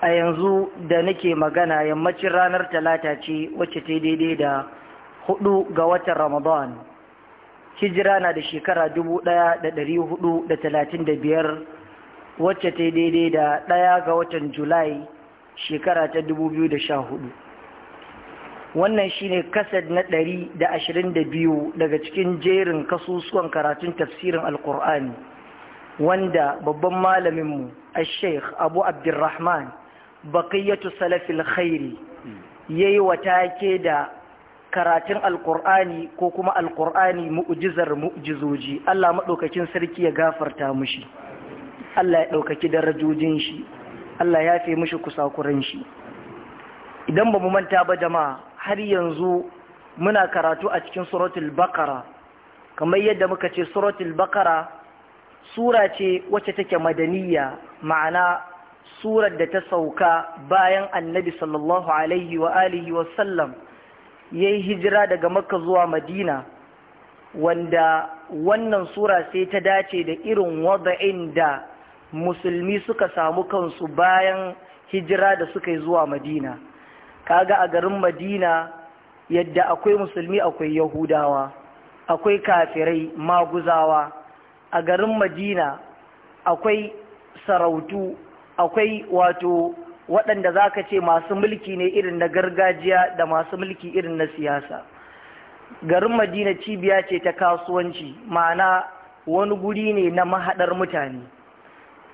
a yanzu da nake magana yammacin ranar talata ce wacce ta daidai da hudu ga watan ramadan hijira na da shekara biyar wacce ta daidai da ɗaya ga watan julai shekara ta hudu. wannan shine kasad na ɗari da da biyu daga cikin jerin kasusuwan karatun tafsirin alkur'ani wanda babban malaminmu a sheikh abu abdurrahman Bakayyatu salafil khairi yayi watake da karatun alqur'ani ko kuma alƙur'ani mu'jizar mu'jizoji Allah maɗaukakin sarki ya gafarta mushi Allah ya ɗaukaki darajojin shi Allah ya fi mushi kusakuran shi idan ba mu manta ba jama'a har yanzu muna karatu a cikin suratul baqara kamar yadda muka ce suratul baqara sura ce wacce take madaniya ma'ana surar da ta sauka bayan annabi sallallahu alaihi wa alihi wasallam ya yi hijira daga makka zuwa madina wanda wannan sura sai ta dace da irin wada'in da musulmi suka samu kansu bayan hijira da suka yi zuwa madina kaga a garin madina yadda akwai musulmi akwai yahudawa akwai kafirai maguzawa a garin madina akwai sarautu akwai wato waɗanda za ka ce masu mulki ne irin na gargajiya da masu mulki irin na siyasa garin madina cibiya ce ta kasuwanci ma'ana wani guri ne na mahaɗar mutane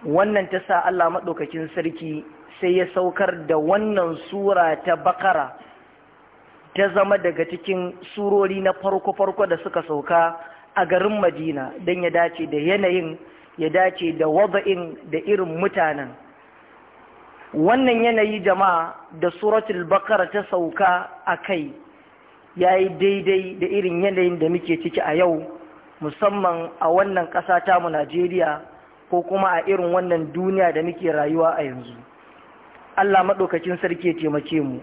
wannan ta sa allah maɗaukakin sarki sai ya saukar da wannan sura ta bakara ta zama daga cikin surori na farko-farko da suka sauka a garin madina don ya dace da yanayin ya dace da waba'in da irin mutanen wannan yanayi jama'a da suratul bakara ta sauka a kai ya yi daidai da irin yanayin da muke ciki a yau musamman a wannan ƙasa tamu najeriya ko kuma a irin wannan duniya da muke rayuwa a yanzu allah maɗaukacin sarki ya taimake mu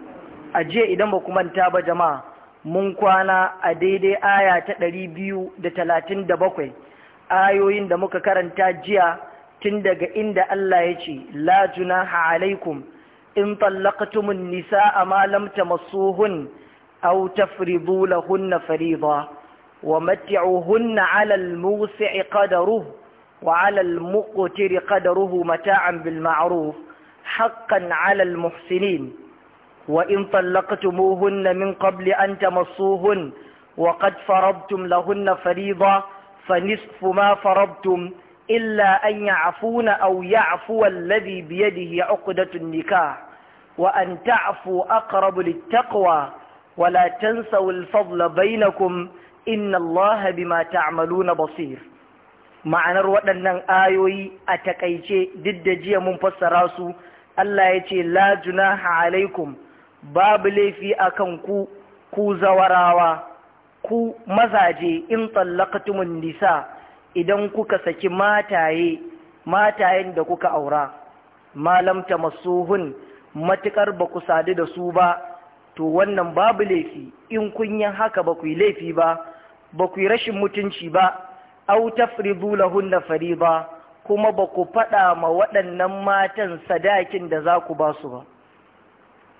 a jiya idan ba manta ba jama'a mun kwana a daidai aya ta ɗari biyu da talatin da bakwai, ayoyin da muka karanta jiya tun daga inda Allah ya ce la junaha alaikum in tallaqtumun nisaa ma lam tamassuhun aw tafridu lahunna fariida wa mat'uhunna 'ala al-musi'i qadaruhu wa 'ala al-muqtiri qadaruhu mata'an bil ma'ruf haqqan 'ala al-muhsinin wa in tallaqtumuhunna min qabli an tamassuhun wa qad faradtum lahunna fariida fa nisfu ma faradtum إلا أن يعفون أو يعفو الذي بيده عقدة النكاح وأن تعفوا أقرب للتقوى ولا تنسوا الفضل بينكم إن الله بما تعملون بصير ma'anar waɗannan ayoyi a takaice duk da jiya mun fassara su Allah ya ce la junaha alaikum babu laifi akan ku ku zawarawa ku mazaje in tsallakatumun nisa idan kuka saki mataye matayen da kuka aura malam tamassuhun matukar ba ku sadu da su ba to wannan babu laifi in kun yi haka ba ku yi laifi ba ba ku yi rashin mutunci ba au tafridu lahunna fariba kuma ba ku faɗa ma waɗannan matan sadakin da za ku ba su ba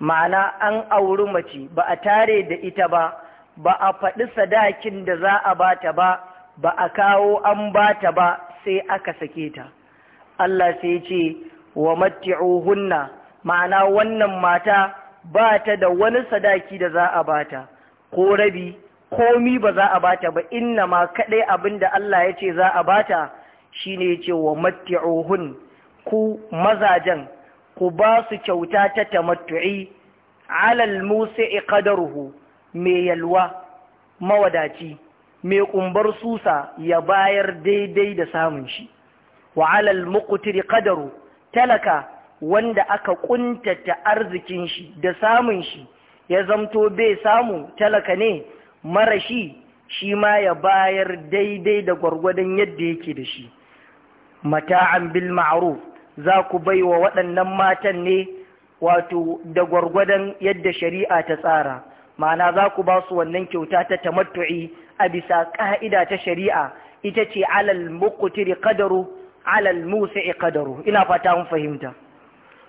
ma'ana an auri mace ba a tare da ita ba ba a faɗi sadakin da za a bata ba ba a kawo an bata ba sai aka sake ta Allah sai ce wa matti'uhunna ma'ana wannan mata ba ta da wani sadaki da za a bata ko rabi komi ba za a bata ba inna ma kaɗai abin da Allah ya ce za a bata shine ne ce wa matti'uhun ku mazajen ku ba su kyauta ta tamattu'i alal musi'i qadaruhu mai yalwa mawadaci mai kumbar susa ya bayar daidai da samun shi wa alal muqtir qadaru talaka wanda aka kuntata arzikin shi da samun shi ya zamto bai samu talaka ne mara shi shi ma ya bayar daidai da gwargwadon yadda yake da shi mata'an bil ma'aruf za ku baiwa waɗannan matan ne wato da gwargwadon yadda shari'a ta tsara ma'ana za ku ba su wannan kyauta ta tamattu'i a bisa ƙa'ida ta shari'a ita ce alal muqtiri ƙadaru, alal musi'i ƙadaru ina fata mun fahimta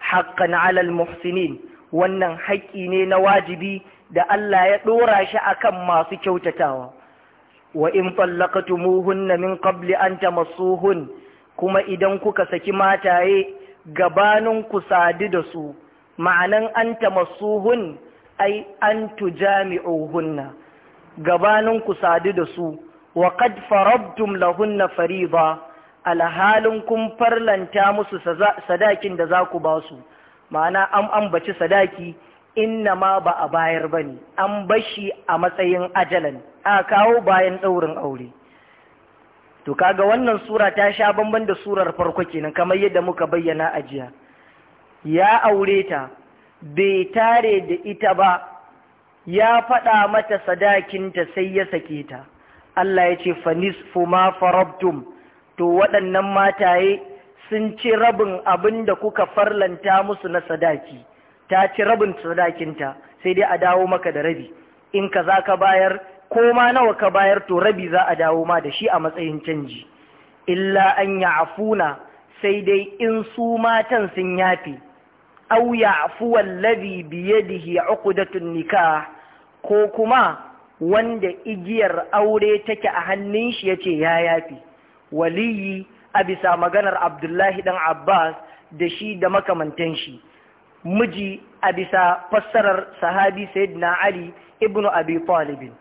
Haƙƙan alal muhsinin wannan haƙƙi ne na wajibi da Allah ya ɗora shi a kan masu kyautatawa wa in na min kabli an ta masuhun kuma idan kuka saki mataye gabanin ku sadu da su ma'anan an ta masuhun ai an tu tujami'uhunna gabanin ku sadu da su wa qad farabtum lahunna fariba alhalin kun farlanta musu sadakin da zaku ku ba su ma'ana an ambaci sadaki inna ma ba a bayar bane an bashi a matsayin ajalan a kawo bayan ɗaurin aure to kaga wannan sura ta sha bamban da surar farko kenan kamar yadda muka bayyana a jiya ya aure ta bai tare da ita ba ya faɗa mata sadakinta sai ya sake ta Allah ya ce Fanis ma farabtum to waɗannan mataye sun ci rabin abin da kuka farlanta musu na sadaki ta ci rabin sadakinta sai dai a dawo maka da rabi in ka za ka bayar ko ma nawa ka bayar to rabi za a dawo ma da shi a matsayin canji illa an ya afuna sai dai in su matan sun yafe aw ya'fu biye bi yadihi 'uqdatun nikah ko kuma wanda igiyar aure take a hannun shi yace ya yafi waliyi a bisa maganar Abdullahi dan Abbas da shi da makamantan shi miji a bisa fassarar sahabi sayyidina Ali ibnu Abi Talib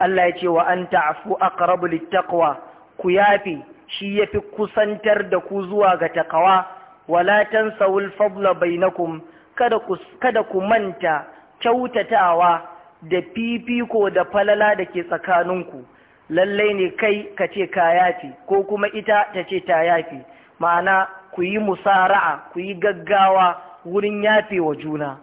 Allah ya ce wa an ta'fu aqrabu littaqwa ku yafi shi yafi kusantar da ku zuwa ga takawa wala tansawul fadla bainakum kada ku kada ku manta kyautatawa da fifiko da falala da ke tsakaninku lallai ne kai ka ce ka yafi ko kuma ita ta ce ta yafi ma'ana ku yi musara'a ku yi gaggawa wurin yafe wa juna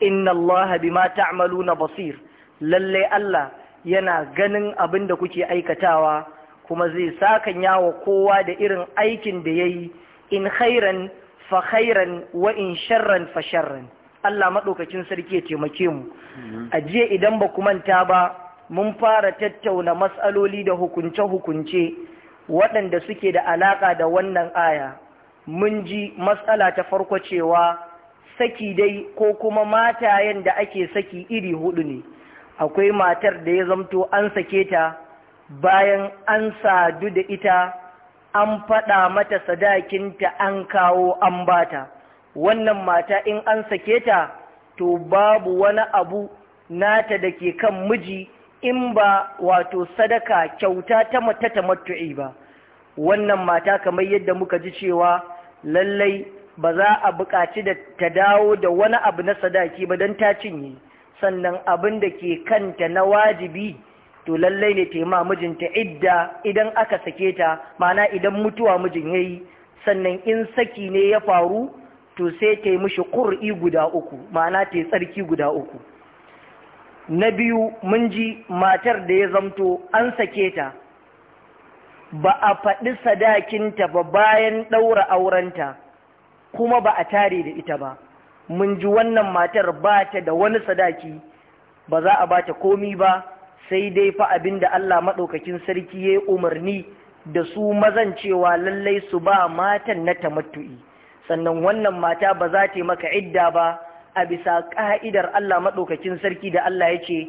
inna allaha bima ta'maluna basir lallai Allah yana ganin abin da kuke aikatawa kuma zai sakan yawo kowa da irin aikin da yayi in khairan fa khairan wa in sharran fa sharran Allah madaukakin sarki ya taimake mu mhm. a jiya idan ba ku manta ba mun fara tattauna matsaloli da hukunce-hukunce waɗanda suke da alaƙa da wannan aya mun ji matsala ta farko cewa saki dai ko kuma matayen da ake saki iri hudu ne akwai matar da ya zamto an sake ta bayan an sadu da ita an faɗa mata sadakinta an kawo an bata wannan mata in an sake ta to babu wani abu nata da ke kan miji in ba wato sadaka kyauta ta mata ta matu'i ba wannan mata kamar yadda muka ji cewa lallai ba za a buƙaci da ta dawo da wani abu na sadaki ba don ta cinye sannan abin da ke kanta na wajibi to lallai ne ta ma mijinta idda idan aka sake ta ma'ana idan mutuwa mijin ya yi, sannan in saki ne ya faru to sai ta yi mishi ƙur'i guda uku ma'ana ta yi tsarki guda uku na biyu mun ji matar da ya zamto an sake ta ba a faɗi sadakinta ba bayan ɗaura aurenta kuma ba a tare da ita ba mun ji wannan matar ba ta da wani sadaki ba za a ba ta komi ba sai dai fa abin da Allah maɗaukakin sarki ya yi umarni da su mazan cewa lallai su ba matan na tamattu'i sannan wannan mata ba za ta maka idda ba a bisa ƙa'idar Allah maɗaukakin sarki da Allah ya ce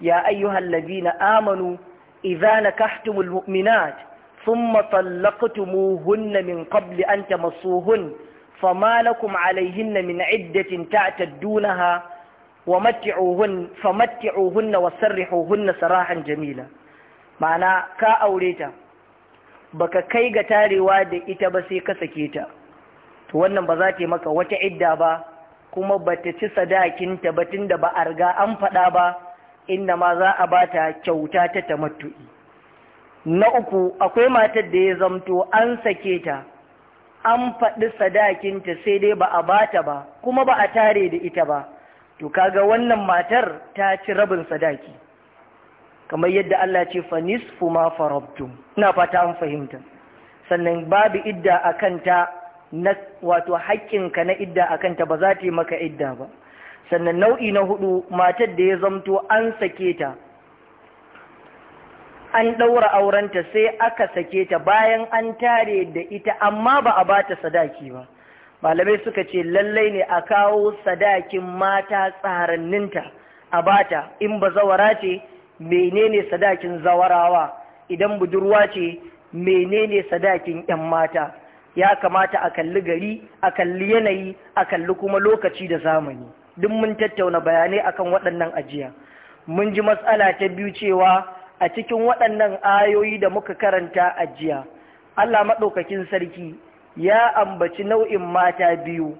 ya ayyuhal na amanu idza nakahtumul mu'minat thumma talaqtumuhunna min qabli an tamassuhun fama lakum alayhinna min iddatin ta'taddunaha ومتعوهن فمتعوهن وسرحوهن sarahan Jamila. ma'ana ka aure ta baka kai ga tarewa da ita ba sai ka sake ta to wannan ba za ta maka wata idda ba kuma bata ci sadakinta ba tunda ba a riga an faɗa ba inda ma za a bata kyauta ta tamattu'i na uku akwai matar da ya zamto an sake ta an faɗi sadakinta sai dai ba a bata ba kuma ba a tare da ita ba to kaga wannan matar ta ci rabin sadaki kamar yadda Allah ce fa nisfu ma farabtum ina fata an fahimta sannan babu idda a kanta na wato haƙƙinka na idda a kanta ba za ta yi maka idda ba sannan nau'i na hudu matar da ya zamto an sake ta an ɗaura aurenta sai aka sake ta bayan an tare da ita amma ba a ba ta sadaki ba malamai suka ce lallai ne a kawo sadakin mata tsaranninta a bata in ba zawara ce menene sadakin zawarawa idan budurwa ce menene sadakin 'yan mata ya kamata a kalli gari a kalli yanayi a kalli kuma lokaci da zamani duk mun tattauna bayanai akan waɗannan ajiya mun ji matsala ta biyu cewa a cikin waɗannan ayoyi da muka karanta ajiya Allah maɗaukakin sarki ya ambaci nau'in mata biyu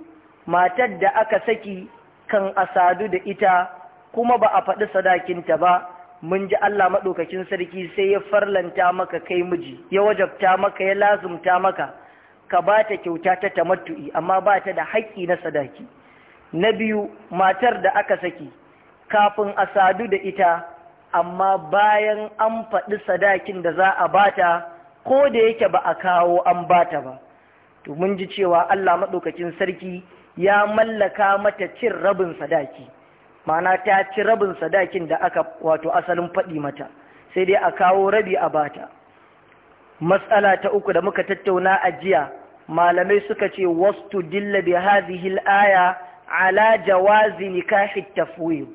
matar da aka saki kan asadu da ita kuma ba a faɗi sadakinta ba mun ji Allah maɗaukakin sarki sai ya farlanta maka kai miji ya wajabta maka ya lazumta maka ka ba ta kyauta ta tamattu'i amma ba ta da haƙƙi na sadaki na biyu matar da aka saki kafin a sadu da ita amma bayan an faɗi sadakin da za a bata ko da yake ba a kawo an bata ba to mun ji cewa Allah maɗokakin sarki ya mallaka mata cin rabin sadaki ma'ana ta ci rabin sadakin da aka wato asalin faɗi mata sai dai a kawo rabi a bata matsala ta uku da muka tattauna a jiya malamai suka ce wastu dilla bi hadhihi al-aya ala jawazi nikahi tafwid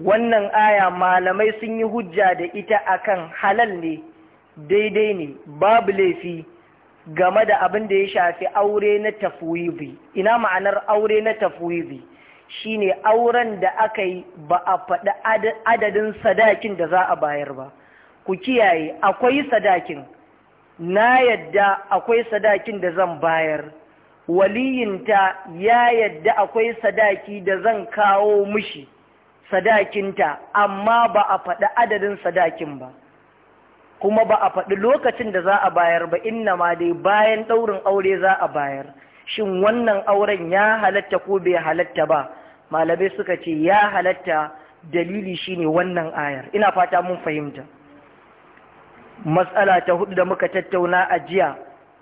wannan aya malamai sun yi hujja da ita akan halal ne daidai ne babu laifi game da abin da ya shafi aure na tafwibi, ina ma'anar aure na tafwibi, shine auren da aka yi ba a faɗi adadin sadakin da za a bayar ba ku kiyaye akwai sadakin na yadda akwai sadakin da zan bayar waliyinta ya yadda akwai sadaki da zan kawo mishi sadakinta amma ba a faɗi adadin sadakin ba kuma ba a faɗi lokacin da za a bayar ba inna ma dai bayan ɗaurin aure za a bayar shin wannan auren ya halatta ko bai halatta ba malamai suka ce ya halatta dalili shine wannan ayar ina fata mun fahimta matsala ta hudu da muka tattauna a jiya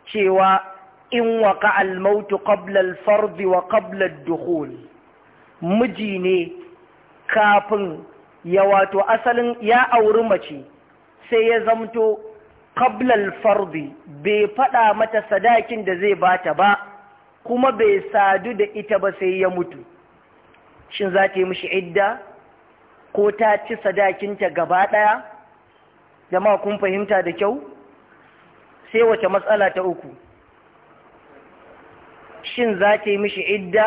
cewa in waka almautu qablal fardi wa qablal dukhul miji ne kafin ya wato asalin ya auri mace sai ya zamto qablal fardi bai faɗa mata sadakin da zai bata ba kuma bai sadu da ita ba sai ya mutu shin za ta yi mishi idda ko ta ci sadakinta gaba ɗaya jama'a kun fahimta da kyau sai wace matsala ta uku shin za ta yi mishi idda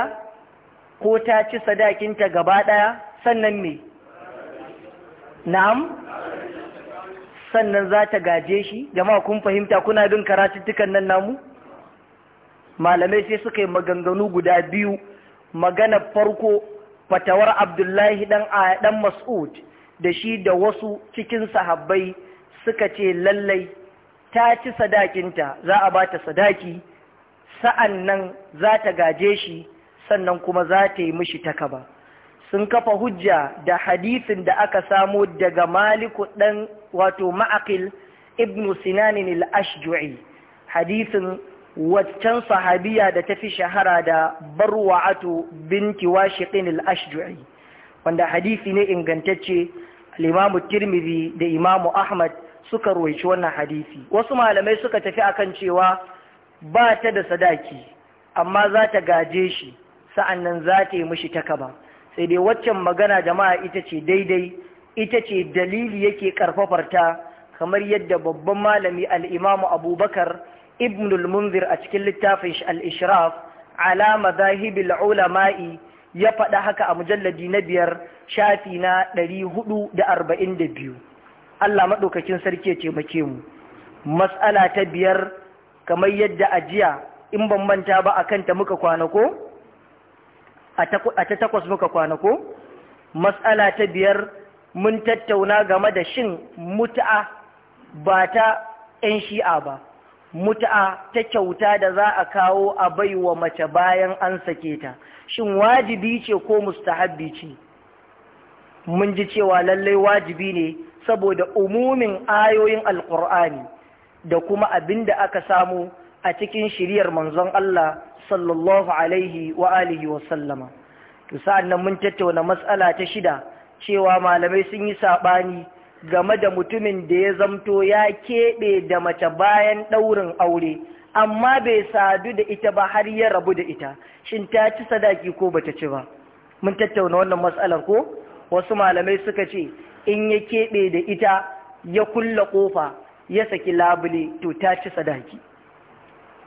ko ta ci sadakinta gaba ɗaya sannan me na'am sannan za ta gaje shi 'Gama kun fahimta kuna bin karatuttukan nan namu malamai sai suka yi maganganu guda biyu magana farko fatawar abdullahi dan dan mas'ud da shi da wasu cikin sahabbai suka ce lallai ta ci sadakinta za a ba ta sadaki sa'an nan za ta gaje shi sannan kuma za ta yi mishi takaba sun kafa hujja da hadisin da aka samo daga maliku ɗan wato ma'akil ibn sinanin al-ashju'i hadisin waccan sahabiya da ta fi shahara da barwa'atu binti washiqin al-ashju'i wanda hadisi ne ingantacce al-imamu tirmidhi da imamu ahmad suka ruwaici wannan hadisi wasu malamai suka tafi akan cewa ba ta da sadaki amma za ta gaje shi sa'annan za ta yi mishi takaba sai dai waccan magana jama'a ita ce daidai ita ce dalili yake karfafarta kamar yadda babban malami al'imamu abubakar ibn al-munzir a cikin littafin al-ishraf ala mazahibil ulama'i ya faɗa haka a mujalladi na biyar shafi na ɗari hudu da arba'in da biyu Allah maɗaukakin sarki ya taimake mu matsala ta biyar kamar yadda ajiya in ban manta ba a kanta muka kwana ko a ta takwas muka kwana ko matsala ta biyar mun tattauna game da shin mutu'a ba ta 'yan shi'a ba mutu'a ta kyauta da za a kawo a baiwa mace bayan an sake ta shin wajibi ce ko mustahabbi ce mun ji cewa lallai wajibi ne saboda umumin ayoyin alkur'ani da kuma abin da aka samu a cikin shiriyar manzon Allah sallallahu alaihi wa alihi wa sallama to sa'annan mun tattauna matsala ta shida cewa malamai sun yi saɓani, game da mutumin da ya zamto ya keɓe da mace bayan ɗaurin aure amma bai sadu da ita ba har ya rabu da ita shin ta ci sadaki ko bata ci ba mun tattauna wannan matsalar ko wasu malamai suka ce in ya keɓe da ita ya kulla ƙofa ya saki labule to ta ci sadaki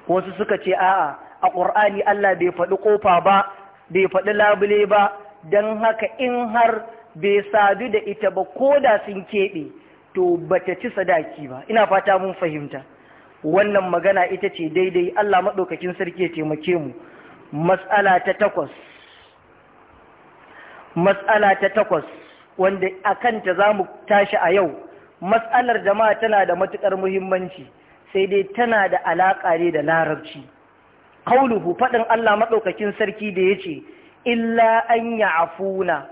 wasu suka ce a'a a ƙur'ani Allah bai faɗi ƙofa ba bai faɗi labule ba don haka in har bai sadu da ita ba ko da sun keɓe to bata ci sadaki ba ina fata mun fahimta wannan magana ita ce daidai Allah maɗaukakin sarki ya taimake mu matsala ta takwas matsala ta takwas wanda a kanta za mu tashi a yau matsalar jama'a tana da matuƙar muhimmanci sai dai tana da alaƙa ne da larabci qauluhu faɗin Allah maɗaukakin sarki da ya ce, illa an ya'funa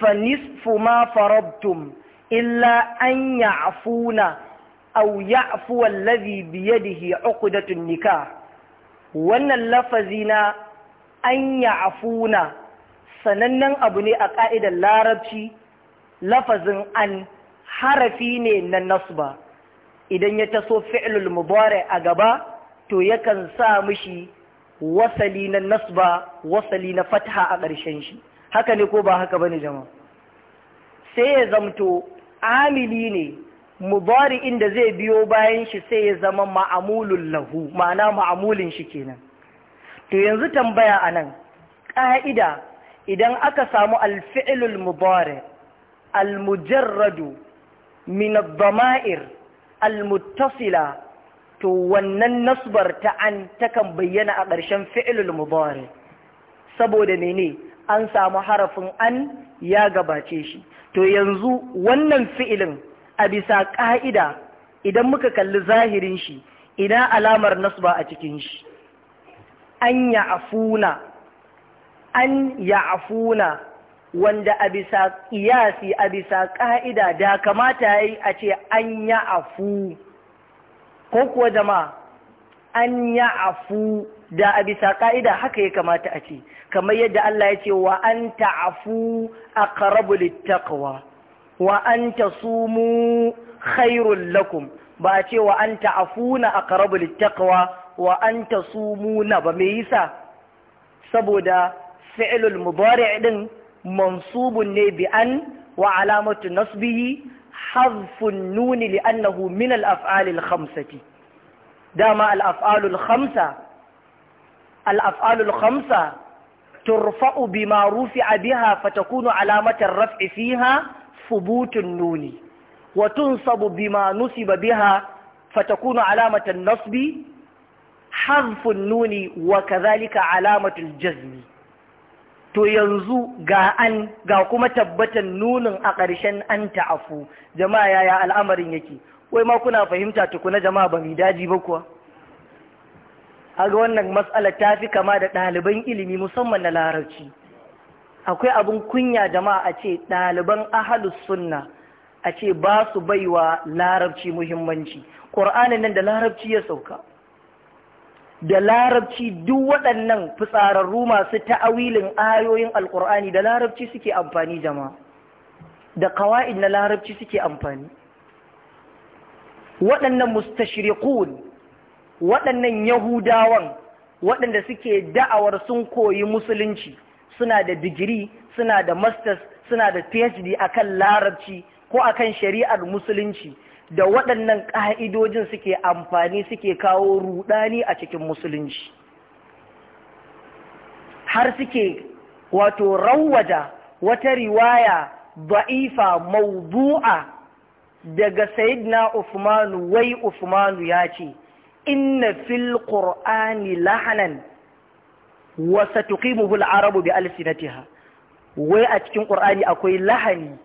fa nisfu ma farabtum illa an ya'funa aw da allazi bi yadihi 'uqdatun nikah wannan lafazi na an afuna sanannen abu ne a ƙa'idar larabci lafazin an harafi ne na nasba idan ya taso fi'lul mubari a gaba to yakan sa mishi wasali na nasba wasali na fatha a ƙarshen shi haka ne ko ba haka bane jama'a sai ya zamto amili ne mubari inda zai biyo bayan shi sai ya zama ma'amulun lahu ma'ana ma'amulin shi kenan to yanzu tambaya anan ƙa'ida idan aka samu alfi'ilul mubari almujarradu min almuttasila to wannan nasbar ta an takan bayyana a ƙarshen fi'ilul mudari saboda mene an samu harafin an ya gabace shi to yanzu wannan fi'ilin a bisa ƙa'ida idan muka kalli zahirin shi ina alamar nasba a cikin shi an ya'afuna an ya'afuna wanda a bisa ƙiyasi a bisa ƙa'ida da kamata ya yi a ce an ya afu ko kuwa jama'a an ya afu da a bisa ƙa'ida haka ya kamata a ce kamar yadda Allah ya ce wa an ta'afu a littaqwa wa an ta sumu khairun lakum ba a ce wa an na a littaqwa wa an ta na ba mai yisa saboda fi'lul mubari'in منصوب ن ب وعلامة نصبه حذف النون لأنه من الأفعال الخمسة داما الأفعال الخمسة الأفعال الخمسة ا ترفع بما رفع بها فتكون علامة الرفع فيها ثبوت النون وتنصب بما نصب بها فتكون علامة النصب حذف النون وكذلك علامة الجزم to yanzu ga an ga kuma tabbatar nunin a ƙarshen an ta'afu jama'a yaya al'amarin yake wai ma kuna fahimta tukuna jama'a ba mai daji ba kuwa ga wannan matsala ta fi kama da ɗaliban ilimi musamman na larabci akwai abin kunya jama'a a ce ɗaliban ahalus sunna a ce ba su baiwa larabci muhimmanci ƙur'anin nan da larabci ya sauka da larabci duk waɗannan fitsararru masu ta'awilin ayoyin alkur'ani da larabci suke amfani jama'a da kawa'id na larabci suke amfani waɗannan mustashriqun waɗannan yahudawan waɗanda suke da'awar sun koyi musulunci suna da digiri suna da masters suna da phd akan larabci ko akan shari'ar musulunci da waɗannan ƙa'idojin suke amfani suke kawo rudani a cikin musulunci har suke wato rawwada wata riwaya ba'ifa maudu'a daga sayidna Uthmanu wai Uthmanu ya ce inna fil qur'ani lahanan wa satuqimuhu al-arabu bi alsinatiha wai a cikin qur'ani akwai lahani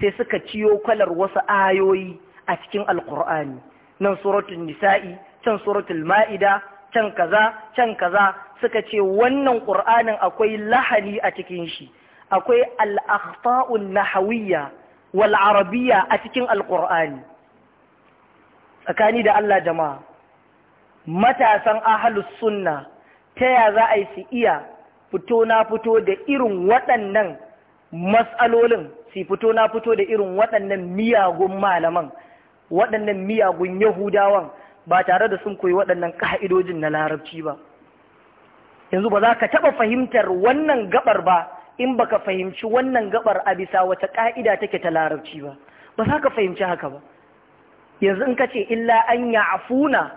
sai suka ciyo kalar wasu ayoyi a cikin alkur'ani nan suratul nisa'i can suratul ma'ida can kaza can kaza suka ce wannan ƙur'anin akwai lahani a cikin shi akwai al-akhta'un nahawiyya wal arabiyya a cikin alkur'ani tsakani da Allah jama'a matasan ahlus sunna ta ya za a yi su iya fito na fito da irin waɗannan matsalolin su fito na fito da irin waɗannan miyagun malaman waɗannan miyagun yahudawan ba tare da sun koyi waɗannan ƙa'idojin na larabci ba yanzu ba za ka taɓa fahimtar wannan gabar ba in baka fahimci wannan gabar a bisa wata ƙa'ida take ta larabci ba ba za ka fahimci haka ba yanzu in ka ce illa an afuna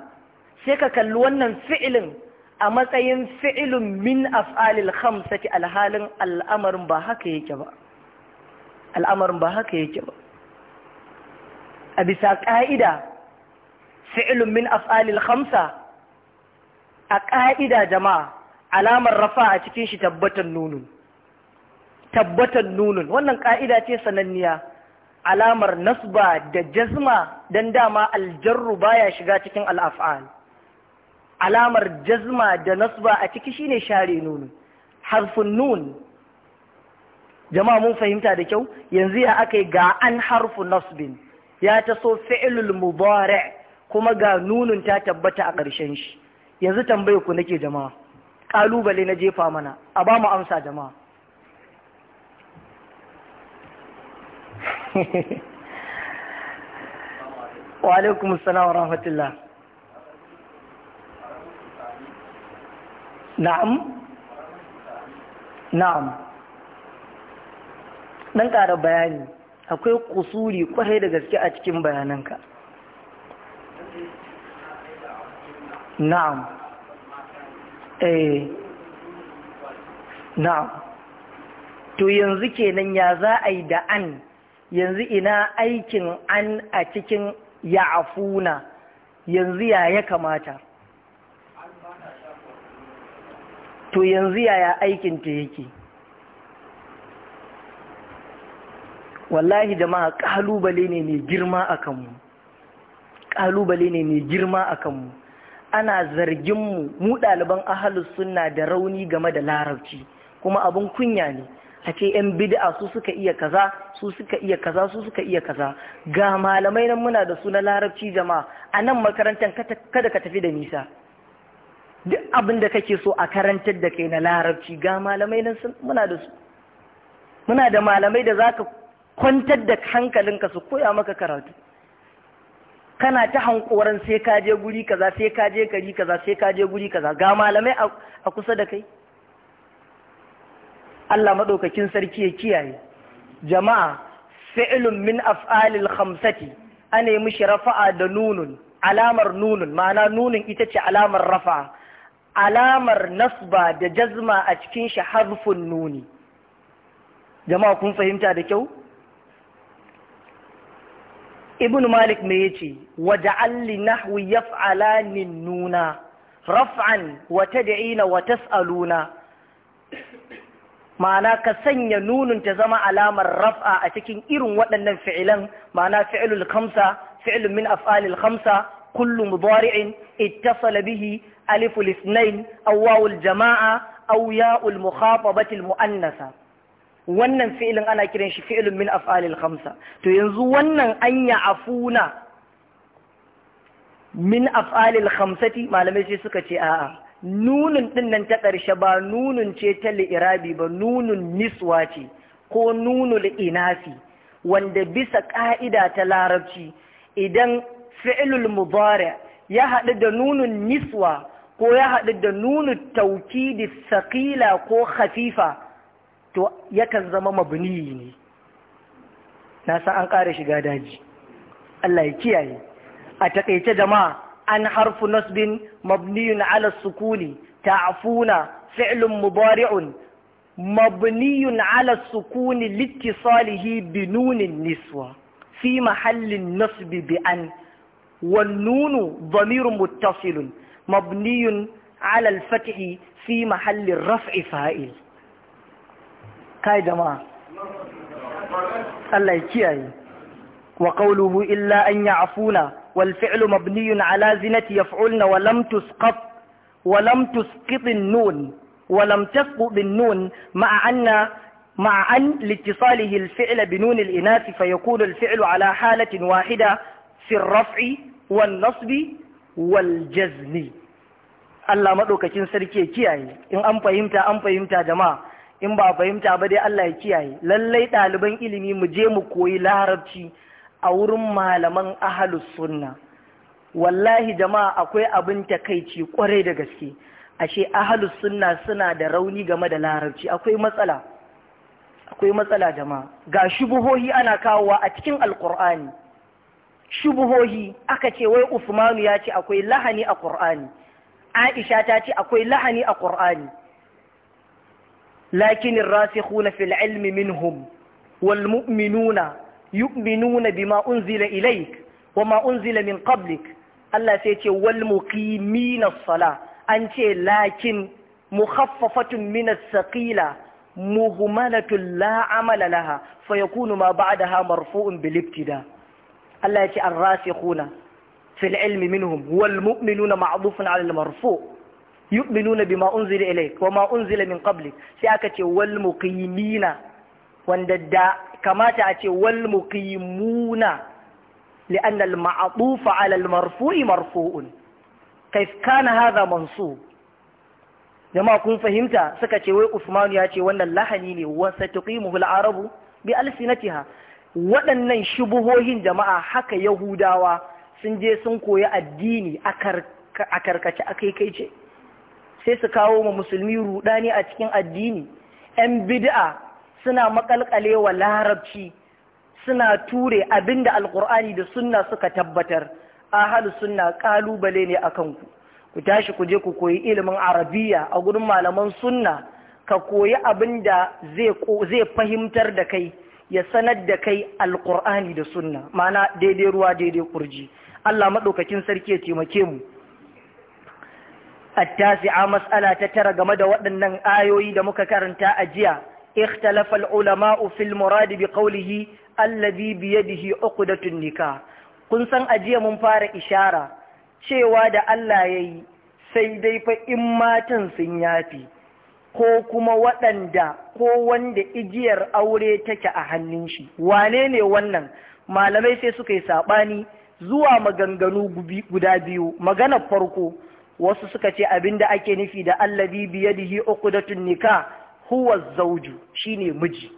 sai ka kalli wannan fi'ilin a matsayin fi'ilin min af'alil khamsati alhalin al'amarin ba haka yake ba al'amarin ba haka yake ba a bisa ƙa'ida fi'ilun min af'alil hamsa a ƙa'ida jama'a alamar rafa a cikin shi tabbatan nunun tabbatan nunun wannan ƙa'ida ce sananniya alamar nasba da jazma don dama aljarru baya shiga cikin al'af'al alamar jazma da nasba a ciki shine share nunun harfin nun jama'a mun fahimta da kyau yanzu ya aka yi ga an harfu nasbin ya taso fi'lul mubari' kuma ga nunun ta tabbata a ƙarshen shi yanzu tambaye ku nake jama'a ƙalubale na jefa mana a ba mu amsa jama'a wa alaikum assalam wa rahmatullah na'am na'am dan ƙara bayani akwai kusuri kwarai da gaske a cikin bayananka na'am eh na'am to yanzu kenan ya za a yi da an yanzu ina aikin an a cikin ya'afuna yanzu ya ya kamata to yanzu yaya aikin ta yake wallahi jama'a ƙalubale ne mai girma a kanmu ƙalubale ne mai girma a kanmu ana zargin mu mu ɗaliban ahalus sunna da rauni game da larabci kuma abin kunya ne a ce 'yan bid'a su suka iya kaza su suka iya kaza su suka iya kaza ga malamai nan muna da su na larabci jama'a a nan makarantar kada ka tafi da nisa duk abin da kake so a karantar da kai na larabci ga malamai nan muna da su muna da malamai da za ka. kwantar da hankalinka su koya maka karatu kana ta hankoran sai ka je guri kaza sai ka je kari kaza sai ka je guri kaza ga malamai a kusa da kai Allah maɗaukakin sarki ya kiyaye jama'a fi'lun min af'alil khamsati ana yi mishi rafa'a da nunun alamar nunun ma'ana nunun ita ce alamar rafa. alamar nasba da jazma a cikin shi harfin nuni jama'a kun fahimta da kyau ibn malik me yace waja'al li nahwi yaf'alani nuna raf'an wa tad'ina wa tas'aluna ma'ana ka sanya nunun ta zama alamar raf'a a cikin irin waɗannan fi'ilan ma'ana fi'lul khamsa fi'lun min af'alil khamsa kullu mudari'in ittasala bihi aliful ithnain aw wawul jama'a aw ya'ul mukhatabati al mu'annasa wannan fi'ilin ana kiran shi fi'ilin min af'alil khamsa to yanzu wannan anya afuna min af'alil khamsati malamai sai suka ce a'a nunun din nan ta ƙarshe ba nunun ce ta li'irabi ba nunun niswa ce ko nunul inafi. wanda bisa ƙa'ida ta larabci idan fi'ilul mudari ya haɗu da nunun niswa ko ya haɗu da nunun taukidi sakila ko khafifa to yakan zama mabni ne na san an ƙara shiga daji Allah ya kiyaye a taƙaice jama'a an harfu nasbin mabniyun ala sukuni ta'afuna fi'lun mubari'un mabniyun ala sukuni littisalihi bi nunin niswa fi mahallin nasbi bi an والنون ضمير متصل مبني على الفتح في محل الرفع فائل kai jama'a Allah ya kiyaye wa qawluhu illa an ya'funa wal fi'lu mabniyun ala zinati yaf'ulna wa lam tusqat wa lam tusqit an-nun wa lam tasqu bin-nun ma'a anna مع أن لاتصاله الفعل بنون الإناث فيكون الفعل على حالة واحدة في nasbi والنصب والجزم Allah maɗaukacin sarki ya kiyaye in an fahimta an fahimta jama'a in ba fahimta ba dai Allah ya kiyaye lallai ɗaliban ilimi mu je mu koyi larabci a wurin malaman ahalus sunna wallahi jama'a akwai abin takaici kwarai da gaske ashe ahalus sunna suna da rauni game da larabci akwai matsala akwai matsala jama'a ga shubuhohi ana kawowa a cikin alkur'ani shubuhohi aka ce wai usmanu ya ce akwai lahani a qur'ani aisha ta ce akwai lahani a qur'ani لكن الراسخون في العلم منهم والمؤمنون يؤمنون بما أنزل إليك وما أنزل من قبلك الله سيتي والمقيمين الصلاة أنت لكن مخففة من الثقيلة مهملة لا عمل لها فيكون ما بعدها مرفوع بالابتداء الله يتي الراسخون في العلم منهم والمؤمنون معظوف على المرفوع yu'minuna bima unzila ilayk wa ma unzila min qablik sai aka ce wal muqimina wanda da kamata a ce wal muqimuna li'anna al ma'tufa 'ala al marfu'i marfu'un kayf kana hadha mansub jama'a kun fahimta suka ce wai Usman ya ce wannan lahani ne wa satqimuhu al arabu bi alsinatiha waɗannan shubuhohin jama'a haka yahudawa sun je sun koyi addini a karkace a kai ce sai su kawo ma musulmi rudani a cikin addini yan bid'a suna makalkale wa larabci suna ture abinda alkur'ani da sunna suka tabbatar ahalu sunna kalubale ne akan ku ku tashi ku je ku koyi ilimin arabiya a gurin malaman sunna ka koyi abinda da zai fahimtar da kai ya sanar da kai alkur'ani da sunna mana daidai ruwa daidai kurji Allah maɗaukakin sarki ya taimake mu التاسعة da تترق مدى وأن آيوي دمك كرنتا أجيا اختلف العلماء في المراد بقوله الذي uku da tunika. kun san ajiya mun fara ishara cewa da Allah ya yi sai dai fa in matan sun yafi ko kuma waɗanda ko wanda igiyar aure take a hannun shi wane ne wannan malamai sai suka yi saɓani zuwa maganganu guda biyu maganar farko wasu suka ce abinda ake nufi da allazi biyadihi uqdatun nikah huwa shi shine miji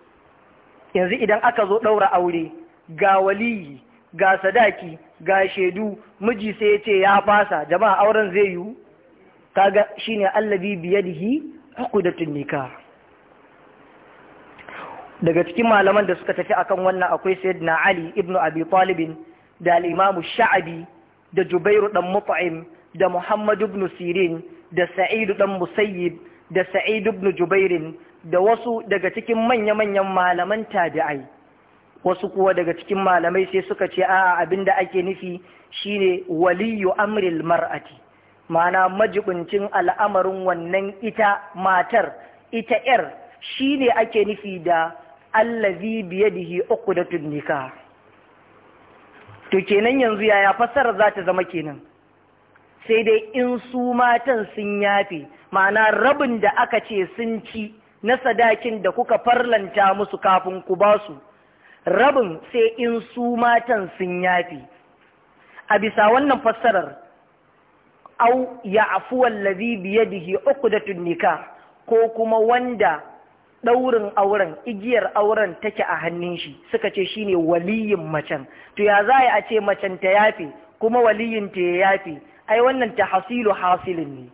yanzu idan aka zo ɗaura aure ga waliyi ga sadaki ga shaidu miji sai ya ce ya fasa jama'a auren zai yiwu kaga shine allazi da uqdatun nikah daga cikin malaman da suka tafi akan wannan akwai sayyidina ali ibnu abi talibin da al sha'abi da jubairu dan mut'im da Muhammadu ibn Sirin da Sa'idu ɗan Musayyib da Sa'idu ibn Jubairin da wasu daga cikin manya-manyan malaman tabi'ai wasu kuwa daga cikin malamai sai suka ce a abin da ake nufi shine waliyu amril mar'ati ma'ana majibincin al'amarin wannan ita matar ita yar shine ake nufi da allazi uku da nikah to kenan yanzu yaya fassarar za ta zama kenan sai dai in su matan sun yafe ma'ana rabin da aka ce sun ci na sadakin da kuka farlanta musu kafin ku ba su rabin sai in su matan sun yafe a bisa wannan fassarar au ya afuwan lazi uku uqdatun nikah ko kuma wanda ɗaurin auren igiyar auren take a hannun shi suka ce shine waliyin macen to ya za a ce macen ta yafe kuma waliyin ta ya yafe ai wannan ta hasilu hasilin ne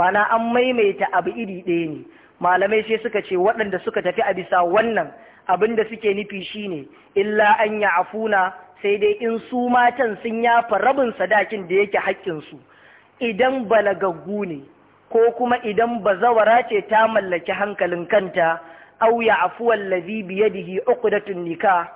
mana an maimaita abu iri ɗaya ne malamai sai suka ce waɗanda suka tafi a bisa wannan abin da suke nufi shi ne illa an ya afuna sai dai in su matan sun yafa rabin sadakin da yake haƙƙinsu idan balagaggu ne ko kuma idan bazawara ce ta mallaki hankalin kanta au ya afuwan lazi biyadihi uqdatun nikah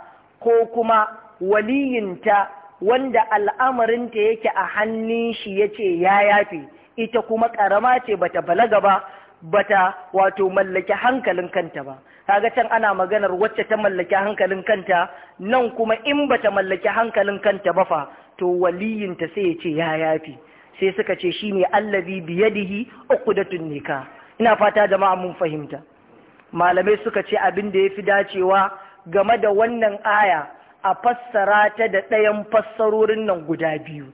ko kuma waliyinta wanda al'amarinta yake a hannun shi ya ce ya yafe ita kuma ƙarama ce bata balaga ba bata wato mallaki hankalin kanta ba kaga can ana maganar wacce ta mallaki hankalin kanta nan kuma in bata mallaki hankalin kanta ba fa to waliyinta sai ya ce ya yafi sai suka ce shi shine allazi biyadihi da nika. ina fata jama'a mun fahimta malamai suka ce abin da fi dacewa game da wannan aya a fassara ta da ɗayan fassarorin nan guda biyu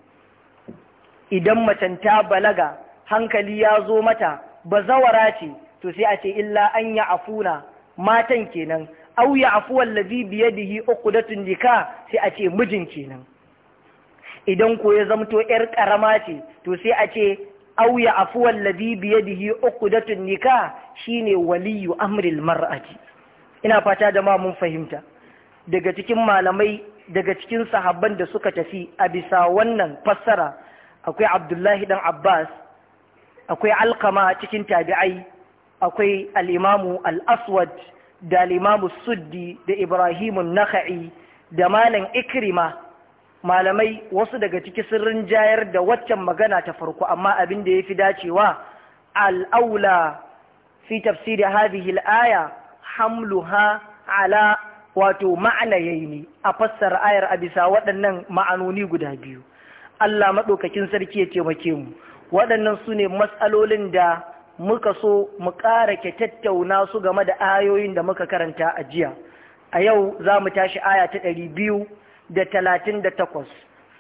idan macen ta balaga hankali ya zo mata ba zawara ce to sai a ce illa an ya afuna matan kenan au ya afuwan yi uku da nikah sai a ce mijin kenan idan ko ya zamto yar ƙarama ce to sai a ce au ya afuwan uku da tunnika Shi ne waliyu amril mar'ati ina fata da ma mun fahimta daga cikin malamai daga cikin sahabban da suka tafi a bisa wannan fassara akwai abdullahi dan abbas akwai alkama cikin tabi'ai akwai al'imamu al'aswad da al'imamu suddi da ibrahimun naka'i da malam ikrima malamai wasu daga ciki sun rinjayar da waccan magana ta farko amma abin da ya fi dacewa al'aula fi tafsiri hadhihi aya hamluha ala wato ne a fassara ayar a bisa waɗannan ma'anoni guda biyu Allah maɗaukakin sarki ya taimake mu waɗannan su ne matsalolin da muka so mu ƙara ke tattauna su game da ayoyin da muka karanta a jiya a yau za mu tashi aya ta ɗari biyu da talatin da takwas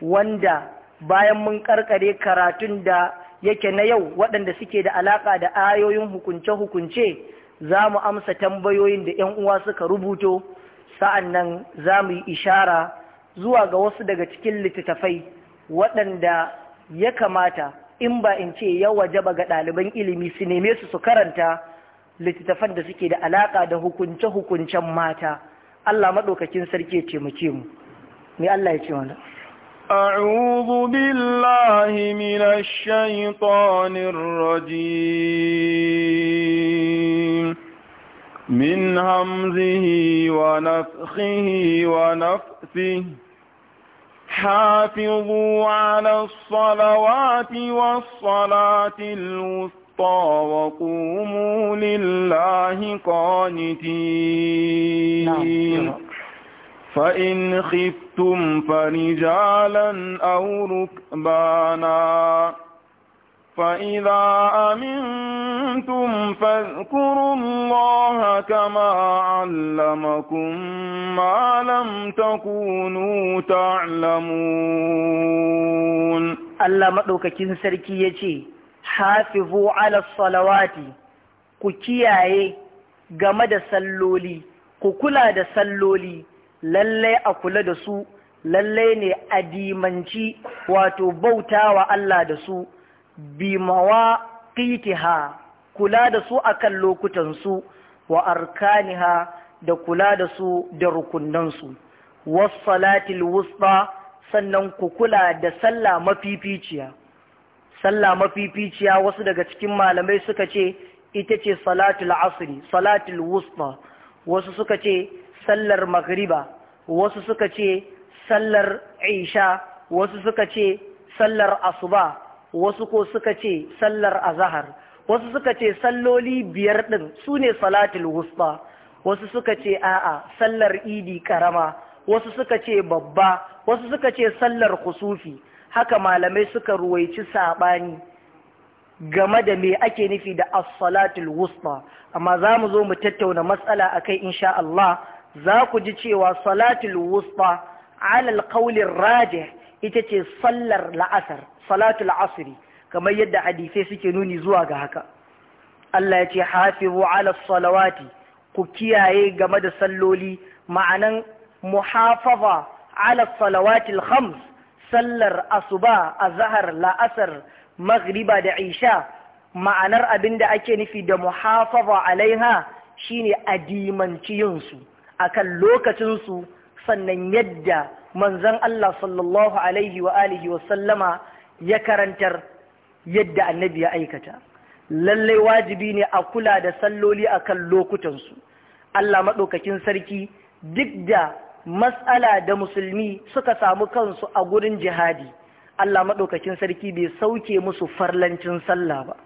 wanda bayan mun ƙarƙare karatun da yake na yau waɗanda suke da alaƙa da ayoyin hukunce-hukunce za mu amsa tambayoyin da 'yan uwa suka rubuto sa'an nan za mu yi ishara zuwa ga wasu daga cikin littattafai waɗanda ya kamata in ba in ce ya wajaba ga ɗaliban ilimi su neme su su karanta littattafan da suke da alaƙa da hukunce-hukuncen mata Allah maɗaukakin sarki ce mu ce mu mai Allah ya ce wani أعوذ بالله من الشيطان الرجيم من همزه ونفخه ونفثه حافظوا على الصلوات والصلاة الوسطى وقوموا لله قانتين نعم، فإن خفتم فرجالا أو ركبانا فإذا أمنتم فاذكروا الله كما علمكم ما لم تكونوا تعلمون الله مدوكاكين سركي يجي حافظوا على الصلوات كيكياي game da salloli ku kula da salloli lallai a kula da su lallai ne a dimanci wato bautawa Allah da su bi mawaqitiha kula da su akan lokutan su wa arkaniha da kula da su da rukunnan su was wusta sannan ku kula da sallah mafificiya sallah mafificiya wasu daga cikin malamai suka ce ita ce salatul asri salatul wusta wasu suka ce sallar magriba wasu suka ce sallar isha wasu suka ce sallar asuba wasu ko suka ce sallar azahar wasu suka ce salloli biyar ɗin su ne salatul wusta wasu suka ce a'a sallar idi karama wasu suka ce babba wasu suka ce sallar kusufi haka malamai suka ruwaici saɓani game da me ake nufi da as-salatul wusta amma za mu zo mu tattauna matsala akai insha Allah za ku ji cewa salatul wusta alal qawlir rajih ita ce sallar la'asar salatul asiri kamar yadda hadisai suke nuni zuwa ga haka Allah ya ce hafizu ala salawati ku kiyaye game da salloli ma'anan muhafaza ala salawatil khams sallar asuba azhar la'asar maghriba da isha ma'anar abin da ake nufi da muhafaza alaiha shine adimanci yin su akan lokacin su sannan yadda manzon Allah sallallahu alaihi wa alihi wa sallama ya karantar yadda annabi ya aikata lallai wajibi ne a kula da salloli a kan lokutansu Allah maɗaukakin sarki duk da matsala da musulmi suka samu kansu a gurin jihadi Allah maɗaukakin sarki bai sauke musu farlancin sallah ba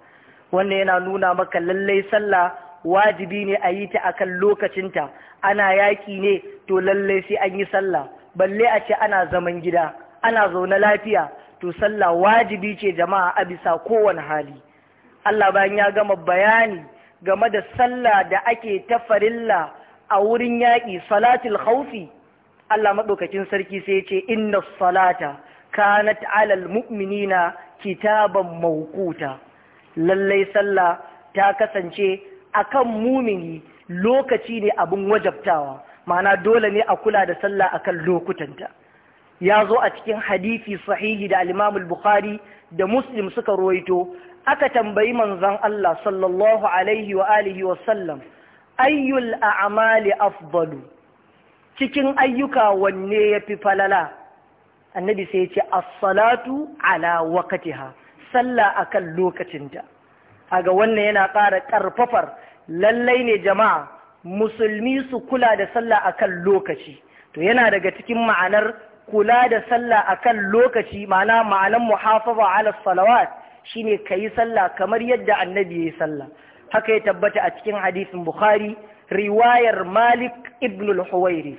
wannan yana nuna maka lallai sallah wajibi ne a yi ta a kan lokacinta ana yaƙi ne to lallai sai an yi sallah balle a ce ana zaman gida ana zaune lafiya to sallah wajibi ce jama'a a bisa kowane hali Allah bayan ya gama bayani game da sallah da ake ta farilla a wurin yaƙi salatul khawfi Allah maɗaukacin sarki sai ya ce inna salata kanat alal mu'minina kitaban maukuta? lallai sallah ta kasance akan mumini lokaci ne abin wajabtawa ma'ana dole ne a kula da sallah akan lokutanta ya zo a cikin hadisi sahihi da al bukhari da Muslim suka ruwaito aka tambayi manzon Allah sallallahu alaihi wa alihi wa sallam ayyul a'mali afdalu cikin ayyuka wanne yafi falala annabi sai ya ce as-salatu ala waqtiha sallah akan lokacinta kaga wannan yana ƙara karfafar lallai ne jama'a musulmi su kula da sallah akan lokaci to yana daga cikin ma'anar kula da sallah akan lokaci ma'ana ma'anan muhafaza ala salawat shine kayi sallah kamar yadda annabi yayi sallah haka ya tabbata a cikin hadisin bukhari riwayar malik ibn al-huwairi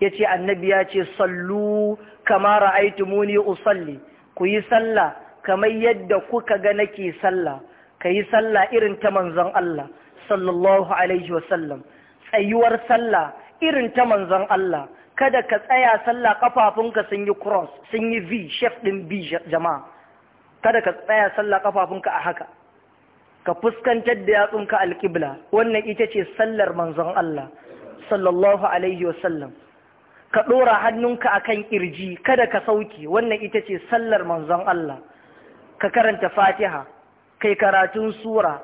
yace annabi ya ce sallu kama ra'aytumuni usalli ku yi sallah kamar yadda kuka ga nake sallah kayi sallah irin ta manzon Allah sallallahu alaihi sallam. tsayuwar sallah irin ta manzon Allah kada ka tsaya sallah kafafunka sun yi cross sun yi v shef din b jama'a kada ka tsaya sallah kafafunka a haka ka fuskantar da yatsunka alƙibla wannan ita ce sallar manzon Allah sallallahu alaihi wasallam ka ɗora hannunka a kan ƙirji kada ka sauke wannan ita ce sallar manzon Allah ka karanta fatiha kai karatun sura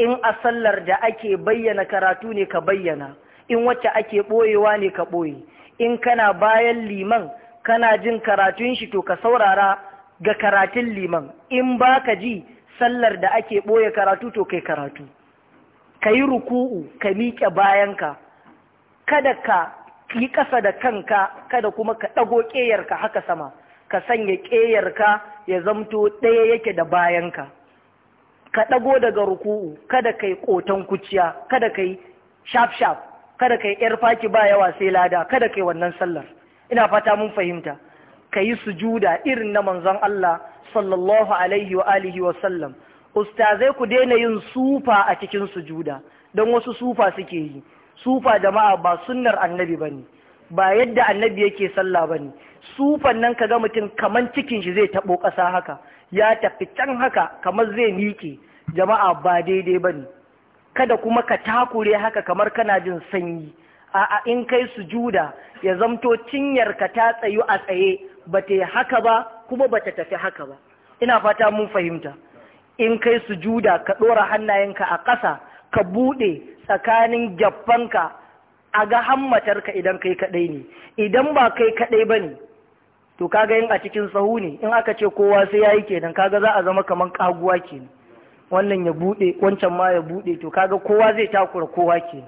in a sallar da ake bayyana karatu ne ka bayyana in wacce ake ɓoyewa ne ka ɓoye in kana bayan liman kana jin karatun shi to ka saurara ga karatun liman in ba ka ji sallar da ake ɓoye karatu to kai karatu ka yi ruku'u ka miƙe bayanka kada ka yi ƙasa da kanka kada kuma ka ɗago ƙeyarka haka sama ka sanya ƙeyarka ya zamto ɗaya yake da bayanka ka ɗago daga ruku'u kada ka yi ƙoton kuciya kada ka yi shaf-shaf kada ka yi yar faki ba yawa sai lada kada ka yi wannan sallar ina fata mun fahimta Ka kayi sujuda irin na manzon Allah sallallahu alaihi wa alihi wa sallam ustazai ku daina yin sufa a cikin sujuda don wasu sufa suke yi sufa jama'a ba sunnar annabi bane ba yadda annabi yake sallah bane sufan nan ka kaga mutum kaman cikin shi zai taɓo ƙasa haka ya tafi can haka kamar zai miƙe jama'a ba daidai bane kada kuma ka takure haka kamar kana jin sanyi a'a in kai sujuda ya zamto cinyar ka ta tsayu a tsaye ba ta haka ba kuma ba ta tafi haka ba ina fata mun fahimta in kai sujuda ka ɗora hannayenka a ƙasa ka buɗe tsakanin gyaffanka a ga hammatarka idan kai kaɗai ne idan ba kai kaɗai ba ne to kaga yin a cikin sahu ne in aka ce kowa sai yayi kenan kaga za a zama kaman kaguwa kenan wannan ya bude wancan ma ya bude to kaga kowa zai takura kowa ke